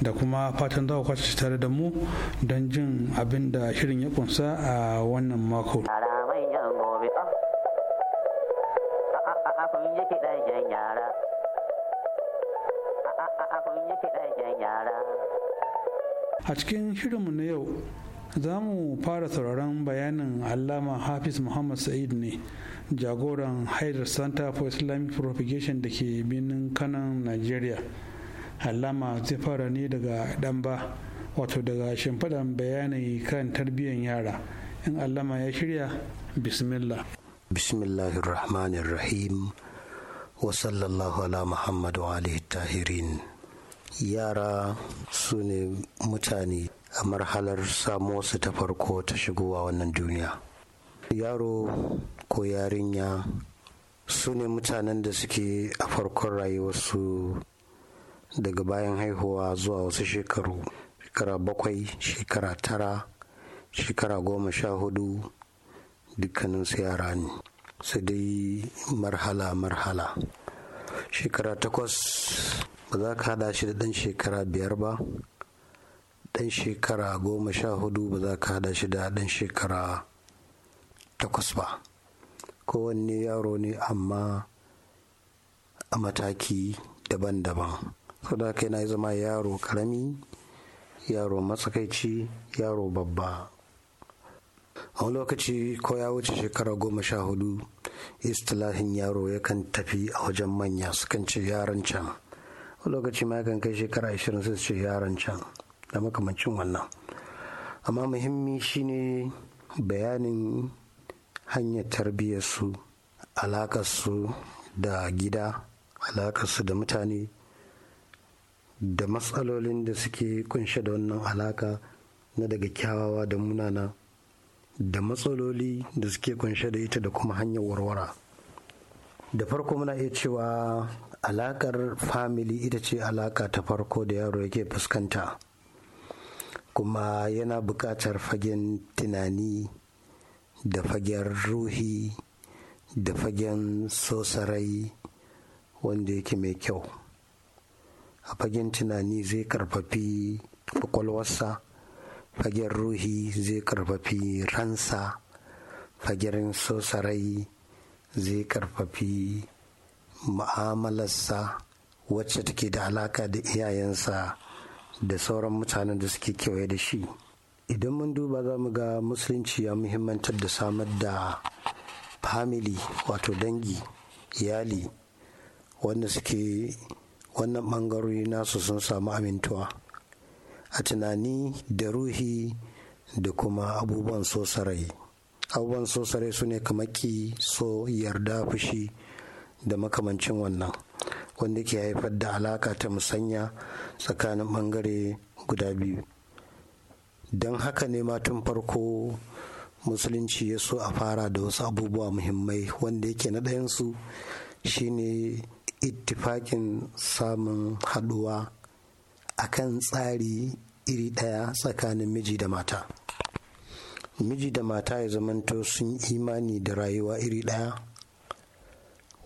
da kuma fatan za ku tare da mu don jin abin da shirin ya kunsa a wannan mako. yara yara. A cikin shirinmu na yau za mu fara sauraron bayanin Allama Hafiz Muhammad Sa'id ne jagoran Haidar Center for Islamic Propagation da ke birnin kanan Najeriya, alama zai fara ne daga ɗanba wato daga shimfiɗan bayanai kan tarbiyyar yara. In Allama ya shirya, Bismillah. Bismillahirrahmanirrahim. wa sallallahu ala muhammadu Ali tahirin yara su ne mutane a marhalar wasu ta farko ta shigowa wannan duniya yaro ko yarinya su ne mutanen da suke a farkon rayuwarsu daga bayan haihuwa zuwa wasu shekaru shekara bakwai shekara tara shekara goma sha hudu dukkaninsu yara ne su dai marhala marhala shekara takwas ba za ka hada shi da ɗan shekara biyar ba ɗan shekara goma sha hudu ba za ka hada shi da ɗan shekara takwas ba kowanne yaro ne amma a mataki daban-daban saboda haka yana zama yaro karami yaro matsakaici yaro babba a wani lokaci ko ya wuce shekara goma sha hudu istilahin yaro yakan tafi a wajen manya sukan ce yaran can lokaci ma kan kai shekara 20 sai su ce yaron can da makamancin wannan amma muhimmi shine bayanin hanyar tarbiyyarsu alakarsu da gida alakarsu da mutane da matsalolin da suke kunshe da wannan alaka na daga kyawawa da munana da matsaloli da suke kunshe da ita da kuma hanyar warwara da farko muna iya cewa alakar famili ita ce alaka ta farko da yaro yake fuskanta kuma yana buƙatar fagen tunani da fagen ruhi da fagen sosarai wanda yake mai kyau a fagen tunani zai karfafi kwakwalwarsa fagen ruhi zai karfafi ransa fagen sosarai zai karfafi ma'amalarsa wacce take da alaka da iyayensa da sauran mutanen da suke kewaye da shi idan mun duba za mu ga musulunci ya muhimmantar da samar da famili, wato dangi iyali wanda suke wannan bangarori nasu sun samu amintuwa a tunani da ruhi da kuma abubuwan sosarai abubuwan sosarai su ne kamaki so yarda fushi da makamancin wannan wanda ke haifar da alaka ta musanya tsakanin bangare guda biyu don haka ne ma tun farko musulunci ya so a fara da wasu abubuwa muhimmai wanda yake na ɗayansu shine ittifakin samun haɗuwa kan tsari iri ɗaya tsakanin miji da mata miji da mata ya zamanto sun imani da rayuwa iri ɗaya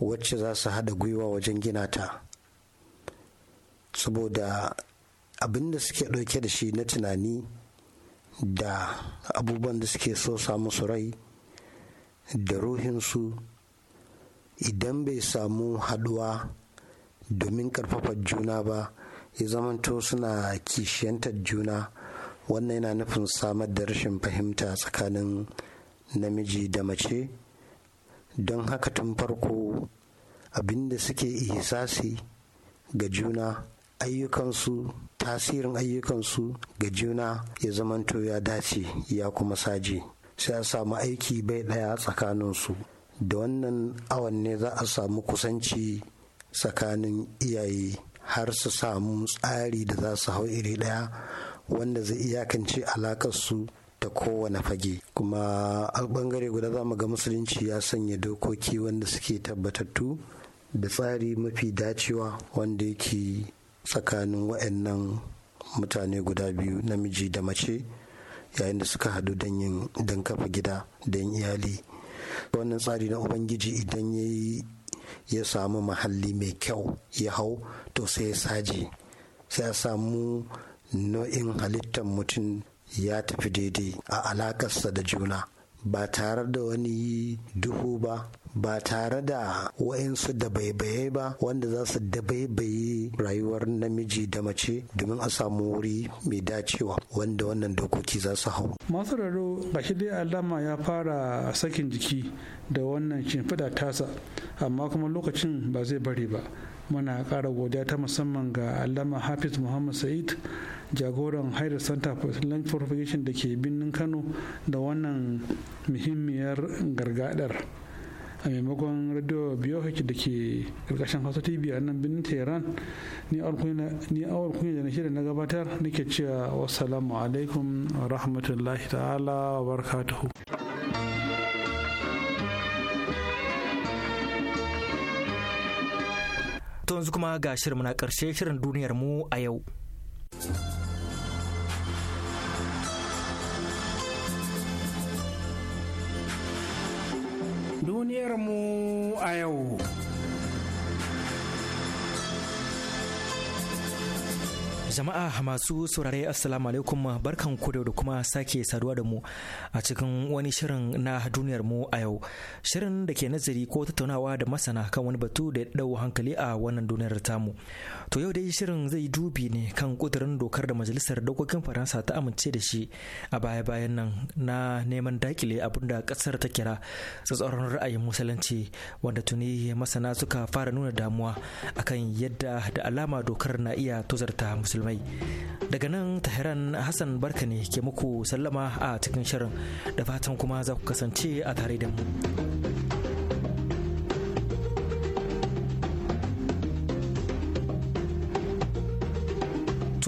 wacce za su haɗa gwiwa wajen gina ta saboda abin da suke ɗauke da shi na tunani da abubuwan da suke so samu su rai da ruhinsu idan bai samu haɗuwa domin ƙarfafa juna ba ya zamanto suna kishiyantar juna wannan yana nufin samar da rashin fahimta tsakanin namiji da mace don haka tun farko abinda suke ihsasi ga juna ayyukansu tasirin ayyukansu ga juna ya zamanto ya dace ya kuma saje sai a samu aiki bai ɗaya tsakaninsu da wannan awan ne za a samu kusanci tsakanin iyaye har su samu tsari da za su hau iri ɗaya wanda zai iyakance alakarsu da kowane fage kuma a bangare guda za mu ga musulunci ya sanya dokoki wanda suke tabbatattu da tsari mafi dacewa wanda yake tsakanin wa'annan mutane guda biyu namiji da mace yayin da suka haɗu don yin don kafa gida don iyali wannan tsari na ubangiji idan ya yi ya samu mahalli mai kyau ya hau to sai ya saje sai a samu nau'in halittar mutum ya tafi daidai a alakarsa da juna ba tare da wani duhu ba ba tare da wa'insu dabaibaye ba wanda za su dabaibaye rayuwar namiji da mace domin a samu wuri mai dacewa wanda wannan dokoki za su hau. masu raro shi dai alama ya fara sakin jiki da wannan shimfiɗa tasa amma kuma lokacin ba zai bari ba muna ƙara godiya ta musamman ga allama hafiz muhammad sa'id jagoran haida center for islamic propagation da ke birnin kano da wannan muhimmiyar gargadar a maimakon radio biyohik da ke karkashin hausa tv a nan birnin tehran ni awar kunya da na shirin na gabatar nake cewa wassalamu alaikum rahmatullahi ta'ala wa barakatuhu To yanzu kuma ga shirin na ƙarshe shirin duniyar mu a yau. Duniyar mu a yau. Jama'a masu saurare Assalamu alaikum barkan ku da kuma sake saduwa da mu a cikin wani shirin na duniyar mu a yau. Shirin da ke nazari ko tattaunawa da masana kan wani batu da ya dau hankali a wannan duniyar tamu. To yau dai shirin zai dubi ne kan kudirin dokar da majalisar dokokin Faransa ta amince da shi a baya-bayan nan na neman dakile abin da kasar ta kira tsatsauran ra'ayin musulunci wanda tuni masana suka fara nuna damuwa akan yadda da alama dokar na iya tozarta musulunci. musulmai daga nan tahiran hassan barka ne ke muku sallama a cikin shirin da fatan kuma za ku kasance a tare da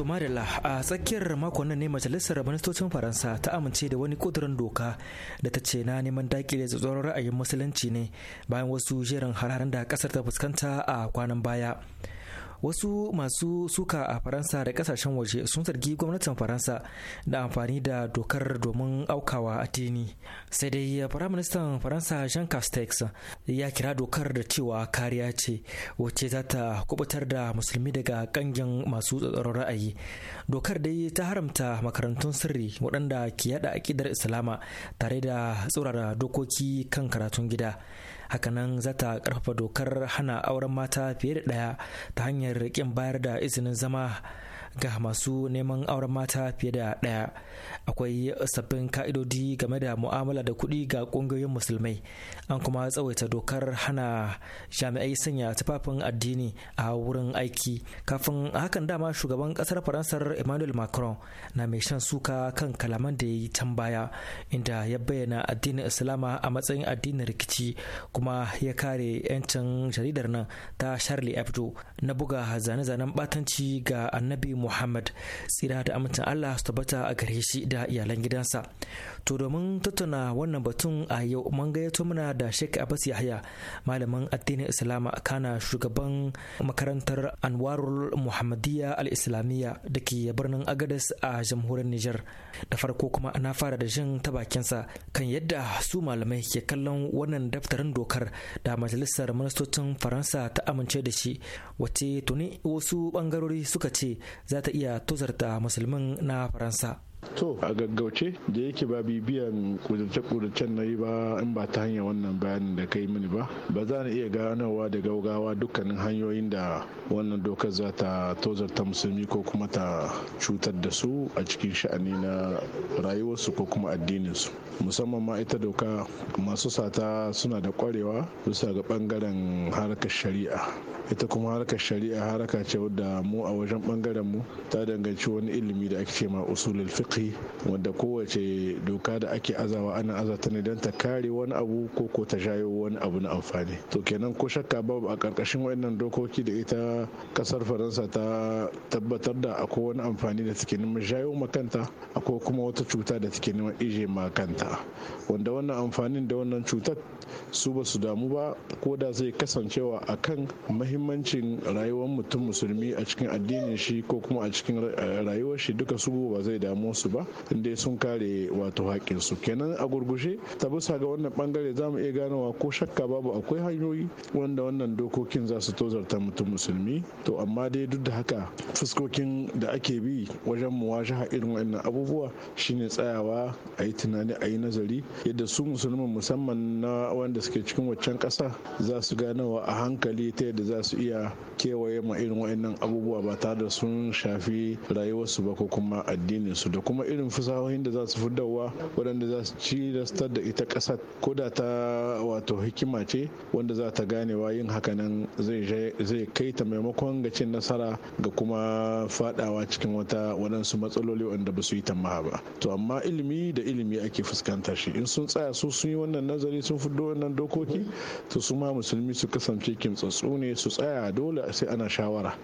mu a tsakiyar makon nan ne majalisar ministocin Faransa ta amince da wani kudurin doka da ta ce na neman dakile tsoron ra'ayin musulunci ne bayan wasu jerin hararen da kasar ta fuskanta a kwanan baya. wasu masu suka a faransa da kasashen waje sun zargi gwamnatin faransa da amfani da dokar domin aukawa addini sai dai firaministan faransa jean castex ya kira dokar da cewa kariya ce wacce za ta kubutar da musulmi daga kangin masu tsaron ra'ayi dokar dai ta haramta makarantun sirri waɗanda ke yada akidar islama tare da tsorara dokoki kan karatun gida hakanan za ta karfafa dokar hana auren mata fiye da ɗaya ta hanyar kin bayar da izinin zama ga masu neman auren mata fiye da ɗaya akwai sabbin ka'idodi game da mu'amala da kuɗi ga ƙungiyoyin musulmai an kuma tsawaita dokar hana jami'ai sanya tufafin addini a wurin aiki kafin hakan dama shugaban ƙasar faransar emmanuel macron na mai shan suka kan kalaman da ya yi can baya inda ya bayyana addinin islama a matsayin addinin rikici kuma ya kare 'yancin jaridar nan ta charlie hebdo na buga zane-zanen batanci ga annabi Muhammad tsira da amincin Allah su tabbata a gare shi da iyalan gidansa. To domin tattauna wannan batun a yau mun gayyato muna da Sheikh Abbas Yahya malamin addinin Islam kana shugaban makarantar Anwarul Muhammadiyya al-Islamiyya dake ke birnin Agadez a jamhuriyar niger Da farko kuma na fara da jin ta bakinsa kan yadda su malamai ke kallon wannan daftarin dokar da majalisar ministocin Faransa ta amince da shi wace tuni wasu bangarori suka ce za ta iya tozarta musulmin na faransa to a gaggauce da yake ba bibiyan kudurce-kudurcen na yi ba in ba ta hanyar wannan bayanin da kai mini ba ba za na iya ganowa da gaugawa dukkanin hanyoyin da wannan dokar za ta tozarta musulmi ko kuma ta cutar da su a cikin sha'ani na rayuwarsu ko kuma addininsu musamman ma ita doka masu sata suna da kwarewa bisa ga bangaren harkar shari'a ita kuma harkar shari'a haraka ce wadda mu a wajen bangaren mu ta danganci wani ilimi da ake ce ma usulul fiqh haƙƙi wadda kowace doka da ake azawa ana azata ne don ta kare wani abu ko ko ta shayo wani abu na amfani to kenan ko shakka babu a ƙarƙashin waɗannan dokoki da ita ƙasar faransa ta tabbatar da akwai wani amfani da take neman shayo makanta akwai kuma wata cuta da take neman ije makanta wanda wannan amfanin da wannan cutar su ba su damu ba ko da zai kasancewa a kan mahimmancin rayuwar mutum musulmi a cikin addinin shi ko kuma a cikin rayuwar shi duka su ba zai damu su ba inda sun kare wato su kenan a gurgushe ta bisa ga wannan bangare za mu iya ganowa ko shakka babu akwai hanyoyi wanda wannan dokokin za su tozarta mutum musulmi to amma dai duk da haka fuskokin da ake bi wajen washe irin wannan abubuwa shine tsayawa a yi tunani a yi nazari yadda su musulmin musamman na wanda suke cikin waccan ƙasa za su ganowa a hankali ta yadda za su iya kewaye ma irin wa'annan abubuwa ba tare da sun shafi rayuwarsu ba ko kuma addinin su da kuma irin fasahohin da za su fitarwa waɗanda za su ci da ita ƙasa ko da ta wato hikima ce wanda za ta ganewa yin hakanan zai kai ta maimakon ga cin nasara ga kuma fadawa cikin wata waɗansu matsaloli wanda ba su yi tamma ba to amma ilimi da ilimi ake fuskanta shi in sun tsaya su sun yi wannan nazari sun fito wannan dokoki to su ma musulmi su kasance kimtsatsu ne su tsaya dole sai ana shawara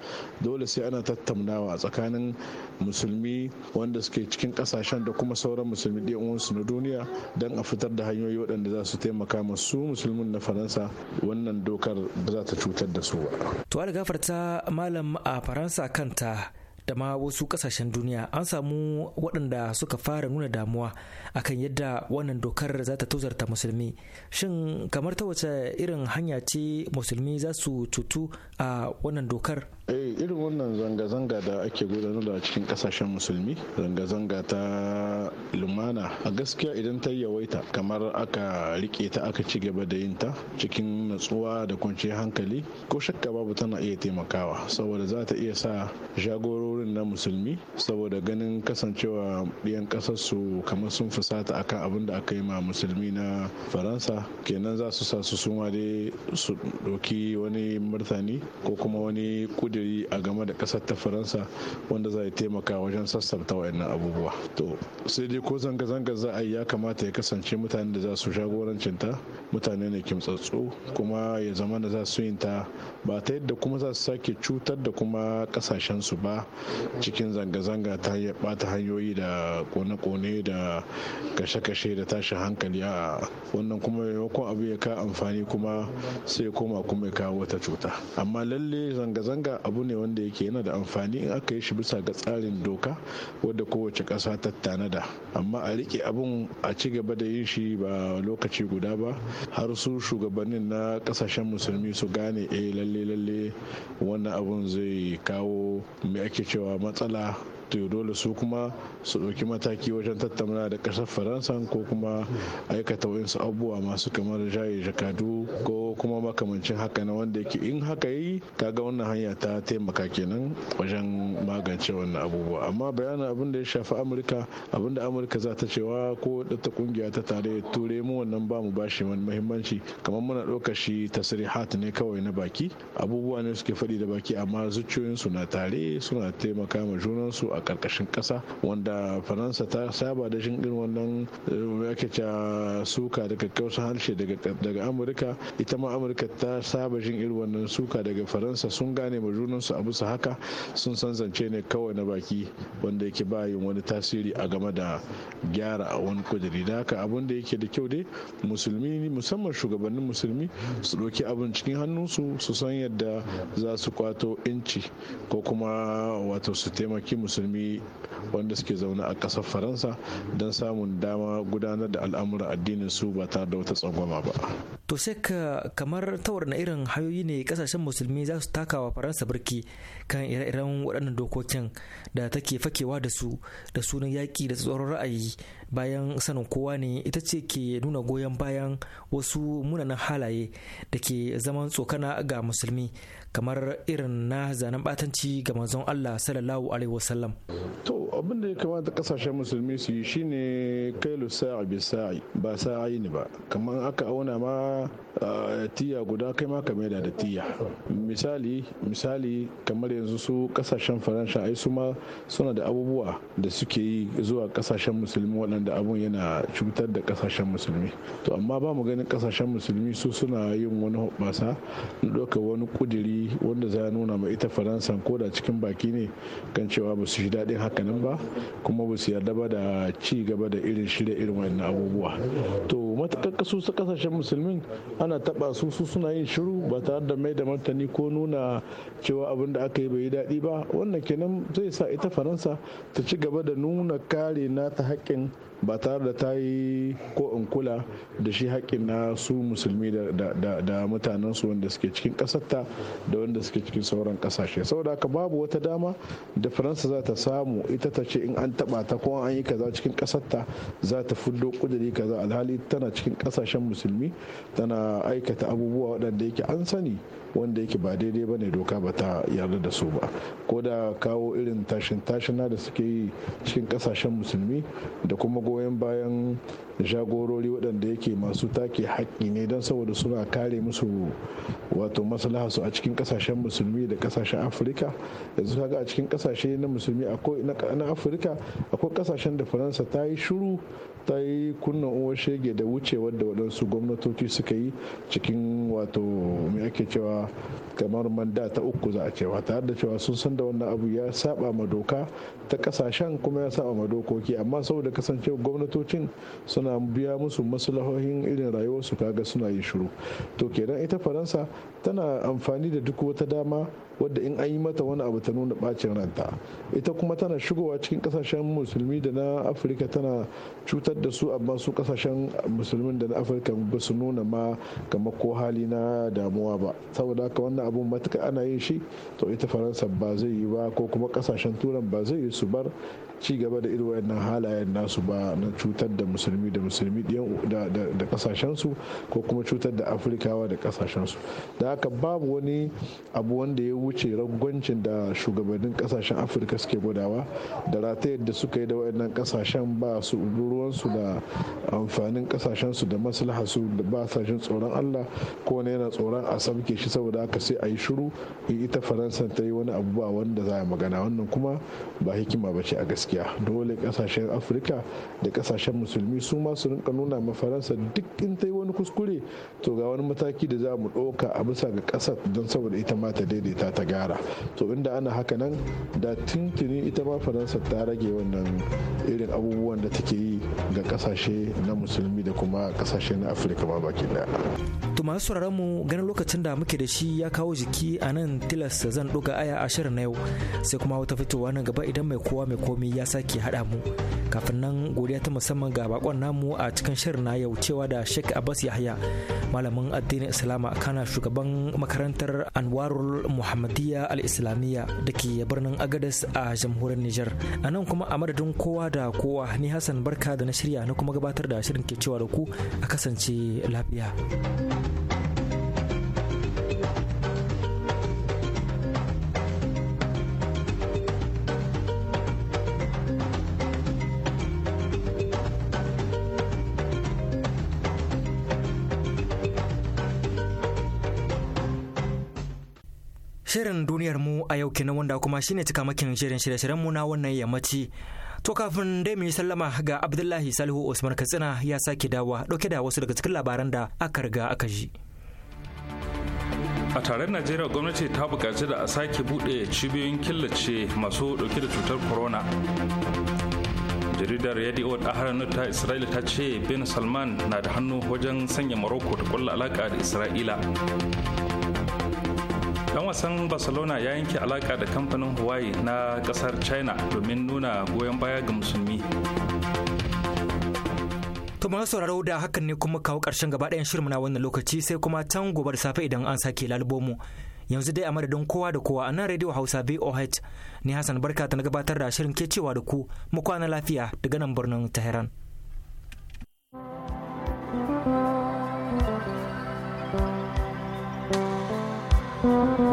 dole sai ana tattaunawa tsakanin musulmi wanda suke cikin kasashen da kuma sauran musulmi ɗaya uwansu na duniya don a fitar da hanyoyi waɗanda za su taimaka masu musulmin na faransa wannan dokar ba za ta cutar da su ba. to gafarta malam a faransa kanta da ma wasu kasashen duniya an samu waɗanda suka fara nuna damuwa akan yadda wannan dokar za ta tozarta musulmi shin kamar ta wace irin hanya ce musulmi za su cutu a wannan dokar eh irin wannan zanga-zanga da ake gudanar da cikin kasashen musulmi zanga-zanga ta lumana a gaskiya idan ta yawaita kamar aka rike ta aka ci gaba da yin ta cikin natsuwa da kwanciyar hankali ko shakka babu tana iya taimakawa saboda za ta iya sa jagorori burin na musulmi saboda ganin kasancewa ɗiyan ƙasar su kamar sun fusata akan abin da aka yi ma musulmi na faransa kenan za su sa su suma dai su ɗauki wani murtani ko kuma wani kudiri a game da ƙasar ta faransa wanda za a taimaka wajen sassabta wayannan abubuwa to sai dai ko zanga-zanga za a ya kamata ya kasance mutane da za su ta mutane ne kimtsatsu kuma ya zama da za su yin ta ba ta yadda kuma za su sake cutar da kuma kasashensu ba cikin zanga-zanga ta yi bata hanyoyi da kone-kone da kashe-kashe da tashin hankali a wannan kuma maimakon abu ya ka amfani kuma sai koma kuma ya kawo wata cuta amma lalle zanga-zanga abu ne wanda yake yana da amfani in aka yi shi bisa ga tsarin doka wadda kowace ƙasa ta tanada amma a rike abun a ci gaba da yin shi ba lokaci guda ba har su shugabannin na ƙasashen musulmi su gane eh lalle lalle wannan abun zai kawo me ake cewa cewa matsala to dole su kuma su ɗauki mataki wajen tattauna da ƙasar faransa ko kuma aikata wasu abubuwa masu kamar jaye jakadu ko kuma makamancin haka na wanda yake in haka yi kaga wannan hanya ta taimaka kenan wajen magance wannan abubuwa amma bayanin abin da ya shafi amurka abin da amurka za ta cewa ko ta kungiya ta tare ture mu wannan ba mu bashi wani muhimmanci kamar muna ɗaukar shi tasirihat ne kawai na baki abubuwa ne suke faɗi da baki amma zuciyoyinsu na tare suna taimaka ma junansu a karkashin kasa wanda faransa ta saba da shin irin wannan eh, suka daga kausa harshe daga amurka ita ma amurka ta saba shin irin wannan suka daga faransa sun gane ma junansu a bisa haka sun san zance ne kawai na baki wanda yake bayin wani tasiri a game da gyara a wani kudiri da haka abun da yake da kyau dai musulmi musamman shugabannin musulmi su ɗauki abin cikin hannunsu su san yadda za su kwato inci ko kuma wato su taimaki musulmi musulmi wanda suke zaune a kasar faransa don samun dama gudanar da al'amuran addinin su ba tare da wata tsangwama ba to sai ka kamar tawar na irin hayoyi ne kasashen musulmi za su taka wa faransa birki kan ire-iren waɗannan dokokin da take fakewa da su da sunan yaƙi da tsoron ra'ayi bayan sanin kowa ne ita ce ke nuna goyon bayan wasu munanan halaye da ke zaman tsokana ga musulmi kamar irin na zanen batanci ga manzon Allah sallallahu alaihi wasallam. To abin da ya kamata kasashen musulmi su yi shine kailu sa'i bi sa'i ba sa'i ne ba kamar aka auna ma tiya guda kai ma kamar da tiya misali misali kamar yanzu su kasashen faransa ai su ma suna da abubuwa da suke yi zuwa kasashen musulmi waɗanda abun yana cutar da kasashen musulmi to amma ba mu ganin kasashen musulmi su suna yin wani hoɓɓasa na ɗaukar wani kudiri wanda za nuna ma ita faransa ko da cikin baki ne kan cewa ba su shi daɗin hakanan ba ba kuma ba su yarda ba da ci gaba da irin shirya irin wannan abubuwa to matakan kasu su kasashen musulmin ana taba su su suna yin shiru ba tare da mai da martani ko nuna cewa abin da aka yi bai yi daɗi ba wannan kenan zai sa ita faransa ta ci gaba da nuna kare na ta haƙƙin ba tare da ta yi ko in kula da shi haƙƙin na su musulmi da mutanen su wanda suke cikin ƙasarta da wanda suke cikin sauran ƙasashe saboda haka babu wata dama da faransa za ta samu ita ta ce in an taɓa ta ko an yi kaza cikin ƙasarta za ta fullo ƙudiri kaza alhali tana cikin ƙasashen musulmi tana aikata abubuwa waɗanda yake an sani wanda yake ba daidai ba ne doka ba ta yarda da su ba ko da kawo irin tashin tashina da suke yi cikin kasashen musulmi da kuma goyon bayan jagorori waɗanda yake masu take haƙƙi ne don saboda suna kare musu wato maslaha su a cikin kasashen musulmi da kasashen afirka yanzu kaga a cikin kasashe na musulmi na afirka akwai kasashen da faransa ta yi shuru ta yi kunna uwar shege da wucewar da waɗansu gwamnatoci suka yi cikin wato mai ake cewa kamar manda ta uku za a cewa tare da cewa sun san da wannan abu ya saba ma doka ta kasashen kuma ya saba ma dokoki amma saboda kasance gwamnatocin suna biya musu maslahohin irin rayuwarsu kaga suna yin shiru to kenan ita faransa tana amfani da duk wata dama wadda in an yi mata wani abu ta nuna bacin ranta ita kuma tana shigowa cikin kasashen musulmi da na afirka tana cutar da su amma su kasashen musulmin da na afirka ba su nuna ma kamar ko hali na damuwa ba saboda haka wannan abun matuka ana yin shi to ita faransa ba zai yi ba ko kuma kasashen turan ba zai yi su bar ci gaba da irin wayannan halayen nasu ba na cutar da musulmi da musulmi da su ko kuma cutar da afirkawa da su da haka babu wani abu wanda ya wuce rangwancin da shugabannin kasashen afirka suke gudawa da ratayar da suka yi da waɗannan kasashen ba su ruwansu da amfanin kasashensu da maslaha su da ba sa jin tsoron allah ko wani yana tsoron a samke shi saboda haka sai a yi shiru ita faransa ta yi wani abu ba wanda za a magana wannan kuma ba hikima ba ce a gaskiya dole kasashen afirka da kasashen musulmi su ma su rinka nuna ma faransa duk in ta yi wani kuskure to ga wani mataki da za mu ɗauka a bisa ga ƙasar don saboda ita ma ta daidaita ta gyara to inda ana haka nan da tuntuni ita ma faransa ta rage wannan irin abubuwan da take yi ga kasashe na musulmi da kuma kasashe na afirka ma baki daya to masu sauraron mu ganin lokacin da muke da shi ya kawo jiki a nan tilasta zan ɗuga aya ashirin na yau sai kuma wata fitowa nan gaba idan mai kowa mai komi ya sake haɗa mu kafin nan godiya ta musamman ga bakon namu a cikin shirin na yau cewa da sheikh abbas yahya malamin addinin islama kana shugaban makarantar anwarul muhammad ahmadiyya al-islamiyya da ke birnin agadas a jamhuriyar niger a nan kuma a madadin kowa da kowa ni hassan barka da na shirya na kuma gabatar da shirin ke cewa da ku a kasance lafiya Shirin duniyar mu a yau kenan wanda kuma shine cikamakin shirin shirye-shiryen mu na wannan yammaci. To kafin dai mu yi sallama ga Abdullahi Salihu Usman Katsina ya sake dawa dauke da wasu daga cikin labaran da aka riga aka ji. a taron najeriya gwamnati ta bukaci da a sake buɗe cibiyoyin killace masu ɗauke da cutar corona jaridar radio da ta isra'ila ta ce bin salman na da hannu wajen sanya maroko ta kulla alaka da isra'ila dan wasan barcelona ya yanke alaka da kamfanin hawaii na kasar china domin nuna goyon baya ga musulmi To masu sauraro da hakan ne kuma kawo karshen gaba ɗayan shirin na wannan lokaci sai kuma can gobe safe idan an sake lalbomu. Yanzu dai a madadin kowa da kowa a nan Radio Hausa VOH ni Hassan Barka ta na gabatar da shirin cewa da ku mu kwana lafiya daga nan birnin Tehran. thank you